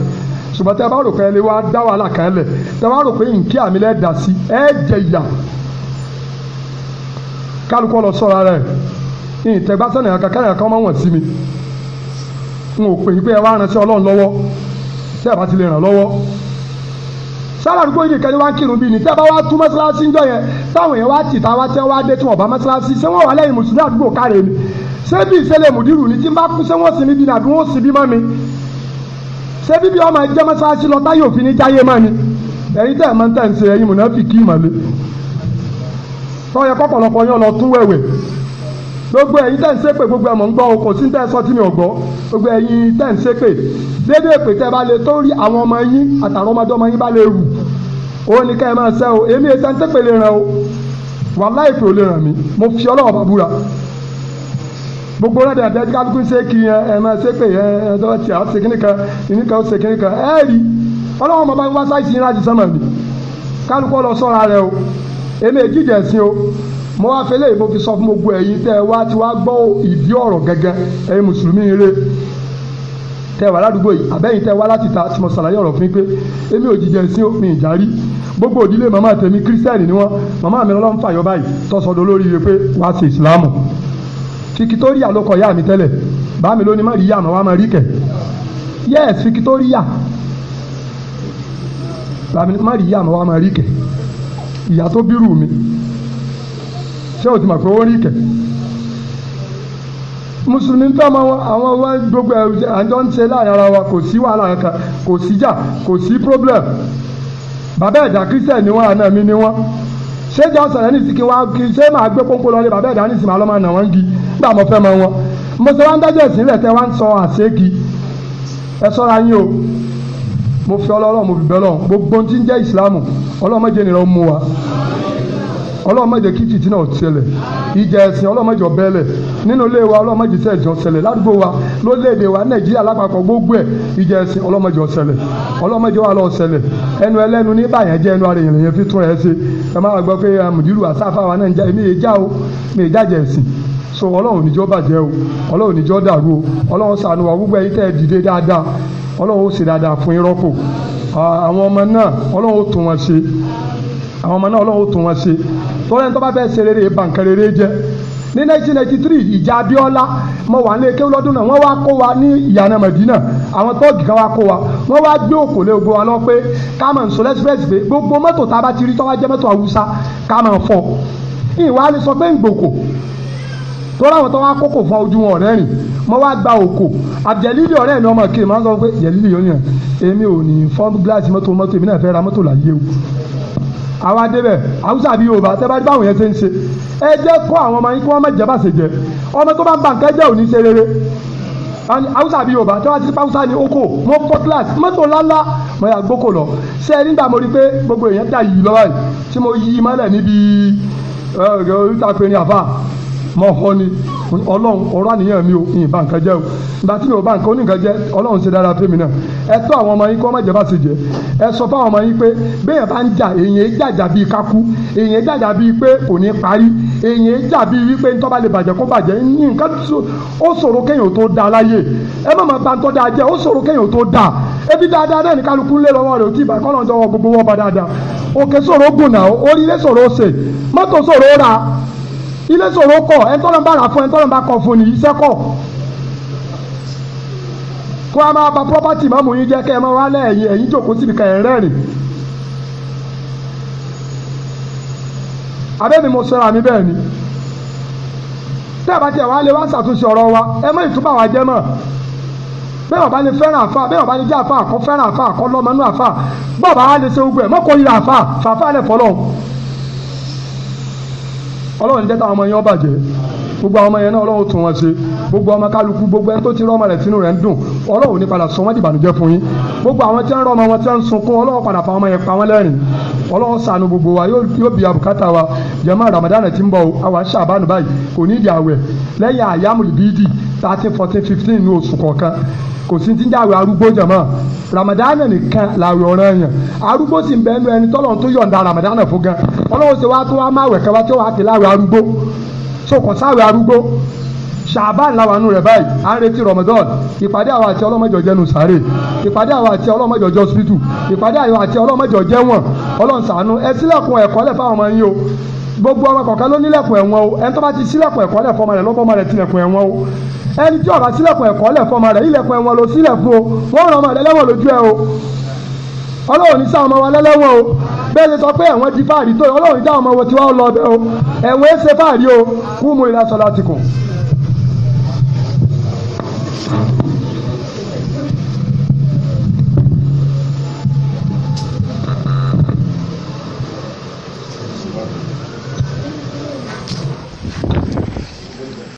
ṣùgbọ́n tẹ́ bá rò pé ẹ lè wá dá wàhálà kan lẹ̀ tẹ́ bá rò pé nkí àmì lẹ́ dà sí ẹ jẹ ìyà kálukọ́ lọ sọ̀rọ̀ rẹ̀ ìtẹ̀gbásẹ̀nì kankan kẹ́yìn kan máa wọ̀n sí mi n ò pè é pé ẹ wá ránṣẹ́ ọlọ́run lọ́wọ́ tẹ́ ẹ bá ti lè ràn lọ́wọ́ sára àdúgbò yìí nìkan ni wá ń kírun bíi ní tẹ́ ẹ bá wá tú mọ́ṣáláṣí ńjọ yẹn táwọn èèyàn wá tì tá wá tẹ́ wá dé tí wọ́n bá mọ́ṣáláṣí ṣé wọ́n wà lẹ́yìn mùsùlùmí àdúgbò káre ni ṣé bí ìṣẹ̀lẹ̀ mùdírù ni tí n bá kú ṣé wọ́n sì mí bí ní àdúgbò sì bí mi Sebi bíbí ọmọ ẹjẹ́ mọ́ṣáláṣí lọ táyé òfin ní jáyé máa ni ẹ̀yin tẹ̀ máa ń tẹ̀ ń ṣe ẹ̀yin mùnáfíkì ìmọ̀lẹ́ tọ́yẹ kọ́pọ̀lọpọ̀ yẹn lọ tún wẹ̀wẹ̀ gbogbo ẹ̀yin tẹ̀ ń ṣépè gbogbo ẹ̀mọ̀ ń gbọ́ o kò sí tẹ́ sọ tí mi ò gbọ́ gbogbo ẹ̀yin tẹ̀ ń ṣépè dédé èpè tẹ́ bá lè tó rí àwọn ọmọ yín àtàwọn ọmọdé ọmọ yín bá lè wù ó ní ká ẹ máa ṣẹ́ o èmi ẹ̀ sẹ́ńtẹ́pè lè ràn o wàláhì pé ò lè ràn mí mo fi Ọlọ́run bá gbogbo rẹ̀ dẹ̀ dẹ́jú kálukú ṣe kí yẹn ẹ máa ṣe pé yẹn ẹ tọ́ ti àwọn ṣèkínní kan ìní kan ṣèkínní kan ẹ rí ọlọ́wọ́n bàbá wá sáìsì yín láti sánmà ni kálukú lọ sọ́ra rẹ o èmi èjì jẹ̀ sí o mo wá fẹ́lẹ́ yìí mo fi sọ fún gbogbo ẹ̀yin tẹ́ ẹ wá ti wá gbọ́ ìdí ọ̀rọ̀ gẹ́gẹ́ ẹ̀yin mùsùlùmí rere tẹ́ wà ládùúgbò yìí àbẹ́yìn tẹ́ wá láti ta tí mo ṣàlàyé ọ̀rọ̀ fún yín pé èmi ò jíjẹ sí òpin ìjárí gbogbo òdílé màmá tèmi kírísítẹ́nì ni wọ́n màmá mi lọ́n fàyọ báyìí tọ́sọdọ̀ lórí rẹ pé wá sí ìsìlámù Victoria ló kọ ìyá mi tẹ́lẹ̀ bá mi má rí ìyá àmọ́ má rí kẹ̀ yes Victoria bá mi má rí ìyá àmọ́ wá má rí kẹ̀ ìyá tó bírù mi ṣé o ti mọ̀ pé ó rí kẹ̀ mùsùlùmí fẹ́ mọ àwọn wa gbogbo àjọ ń ṣe láàrin ara wa kò sí wàhálà kankan kò sí kò sí problem bàbá ẹ̀dá kírísítẹ̀ ni wọ́n àná mi ni wọ́n ṣé jọ sọ̀rọ̀ ní ìsìnkí wa kí ṣé máa gbé pọ́npọ́ lọ́lé bàbá ẹ̀dá ní ìsìnkí máa lọ́ máa nà wọ́n gi nígbà mo fẹ́ mọ wọn mo sọ wọn dájọ́ ìsìn ilẹ̀ tẹ́ wá ń sọ àṣegi ẹ sọ́ra yín o mo fi ọlọ́run mo fi bẹ́ ọlọ́run gbogbo tí ń jẹ́ ìsìlámù ọlọ́run mọ́jẹ́ nìyẹn ó mú wa ọlọ́run má jẹ́ kí títí náà ṣẹlẹ̀ ìjà ẹ̀sìn ọlọ́run má jẹ́ bẹ́lẹ̀ nínú ilé wa ọlọ́run má jẹ́ tí ẹ̀jọ́ ṣẹlẹ̀ ládùúgbò wa lórílẹ̀‐èdè wa nàìjíríà lápapọ̀ gbogbo ẹ̀ ìjà ẹ̀sìn ọlọ́run má jẹ́ ṣẹlẹ̀ ọlọ́run má ẹnu ẹlẹ́nu ní báyẹn jẹ́ ẹnu ara yẹn fi tún rẹ̀ ṣe ẹ máa gbọ́ pé ah, mùdírù àsáfà wa náà ń já èmi èjá ẹ̀sìn so ọlọ́run níjọ́ bàjẹ́ o ọlọ́run níjọ́ dàrú o wa gbogbo ẹ̀yin tẹ́ ẹ dìde dáadáa ọlọ́run ó ṣe dáadáa fún yín rọ́pò ah, àwọn ọmọ náà ọlọ́run ó tún wọn ṣe àwọn ọmọ náà ọlọ́run ó tún wọn ṣe tọ́lá ẹni tó bá fẹ́ ṣe rere bàǹkẹ́ rere jẹ́ ní 1993 mo wà nílé kéwú náà wọ́n wá kó wa ní ìyànà Mẹ̀dínà àwọn tọ́ọ̀gì kan wá kó wa wọ́n wá gbé òkò lé gbogbo wa lọ pé ká máa ń sọ pé gbogbo mọ́tò tá a bá ti rí tọ́wá mọ́tò Haúsá ká máa fọ́ ìwà ni sọ pé ń gbòkò tọ́lá tó wá kókò fún ojú wọn ọ̀rẹ́ rìn mo wá gba òkò àbẹ̀lílì ọ̀rẹ́ mi ọmọ kiri máa ń pé jẹ̀lílì yóò yàn èmi ò ní fọ́n gíláàsì mọ́tò mọ́tò èmi náà fẹ́ ra mọ́tò láyé o àwa débẹ̀ haúsá àbí yorùbá sẹ́bá bá àwọn yẹn ṣe ń ṣe ẹ jẹ́ kó àwọn ọmọ yín kí wọ́n má jẹ́ bàṣẹ jẹ ọmọ tó bá ń ba nǹkan jẹ́ òní ṣe rere haúsá àbí yorùbá tí wọ́n ti pa haúsá ní oko wọ́n fọ́ kíláàsì mọ́tò ńláńlá mo yà gbóko lọ ṣe nígbà mo rí pé gbogbo èèyàn dà yìí lọ́wọ́ yìí tí mo yí mọ́lẹ̀ níbi ìtàpẹ̀rin mọ́họ́ ni ọlọ́run ọ̀rọ̀ àníyàn mi ò ìyìnbá nǹkan o ìgbà tí mi ò bá nǹkan oníkan jẹ́ ọlọ́run ṣe dára fún mi náà ẹ tọ́ àwọn ọmọ yín kọ́ mọ̀jẹ̀ bá ṣe jẹ ẹ sọ fáwọn ọmọ yín pé béèyàn bá ń jà èèyàn jàjà bíi kakú èèyàn jàjà bíi pé kò ní parí èèyàn wípé ń tọ́ba lè bàjẹ́ kó bàjẹ́ ní da láyé ẹ má ba da jẹ́ ó ṣòro kéèyàn tó da ebi dáadáa náà ní kálukú lé lọ́wọ́ rẹ̀ ó ilé sòro kọ ẹ tọ́lọ́ bá rà fún ẹ tọ́lọ́ bá kọ fún ni iṣẹ́ kọ kó a máa ba property máa mú yín jẹ́ kẹ́ ẹ máa wálé ẹ̀yìn ẹ̀yìn jòkó síbi kan ẹ̀ rẹ́rìn. abẹ́mi mo sọ̀rọ̀ àmì bẹ́ẹ̀ ni tẹ́ ẹ bá tiẹ̀ wá lé wá ṣàtúnṣe ọ̀rọ̀ wa ẹ mọ ìtúbà wa jẹ́ mọ̀ bẹ́ẹ̀ wọ́n bá lè fẹ́ràn àfa bẹ́ẹ̀ wọ́n bá lè jẹ́ àfa àkọ́ fẹ́ràn àfa àkọ́ lọ́mọnú àfa bọ́ọ̀ bá lè ṣe gbogbo ẹ̀ mọ́kò yìí àfa fàáfà lẹ̀ fọlọ́ọ̀ ọlọ́run jẹ́ káwọn ọmọ yẹn ó bàjẹ́ gbogbo àwọn ọmọ yẹn náà ọlọ́run tún wọn ṣe gbogbo ọmọ kálukú gbogbo ẹni tó ti rọ́mọ rẹ̀ sínú rẹ̀ ń dùn ọlọ́run ní padà sọ wọ́n dìbànújẹ́ fún yín gbogbo àwọn tí wọ́n rọ́mọ wọn tí wọ́n ń sunkún ọlọ́run padà fa ọmọ yẹn pa wọ́n lẹ́rìn ọlọ́run ṣàánú gbogbo wa yóò bí abùkátà wa jẹ́mọ́ ramadan ti ń bọ̀ àwa ṣàbánu báyìí kò ní ìdí àwẹ̀ lẹ́yìn àyámùlì bídì thirteen fourteen fifteen ní oṣù kọ̀ọ̀kan kò sí ti ń dàwé arúgbó jàmọ́ ramadana nìkan làwẹ̀ ọ̀ràn yẹn arúgbó sì ń bẹ ẹnu ẹni tọ́lọ́run tó yọ̀ǹda ramadana fún gan ọlọ́run ṣe wá tó wá máa wẹ̀ wá tó wá ti láwẹ̀ arúgbó so kò sáwé arúgbó ṣàbán làwọnú rẹ báyìí à ń retí ramadan ìpàdé àwọn àti ọlọ́mọjọ jẹnu sáré ìpàdé àwọn àti ọlọ́mọjọ jẹ hospital ìpàdé àwọn àti ọlọ́mọjọ jẹ wọn ọlọ́nsàánú ẹ sílẹ̀kùn ẹ̀kọ́ lẹ̀ fáwọn ọmọ yín o gbogbo ọmọ kọ̀ọ̀kan ló nílẹ̀kùn ẹ̀wọ̀n o ẹni tó bá ti sílẹ̀kùn ẹ̀kọ́ lẹ̀ fọmọ rẹ̀ lọ́fọ́ ọmọ rẹ̀ tilẹ̀kùn ẹ̀wọ̀n o ẹni tí ọ̀rọ̀ sílẹ̀kùn ẹ̀kọ́ lẹ̀ fọmọ rẹ̀ ilẹ̀kùn ẹ̀wọ̀n ló sílẹ̀kùn o wọ́n ràn ọmọ rẹ̀ lẹ́wọ̀n lójú ẹ o ọlọ́run ní sáwọn ọmọ wa lẹ́lẹ́wọ̀n o bẹ́ẹ̀ ṣe sọ pé àwọn di fáàrí tó ọlọ́run ní sáwọn ọmọ wa ti wá lọ ọbẹ̀ o ẹ̀wọ̀n ẹ̀ ṣe fáàrí o kú mu ìlà salatikum.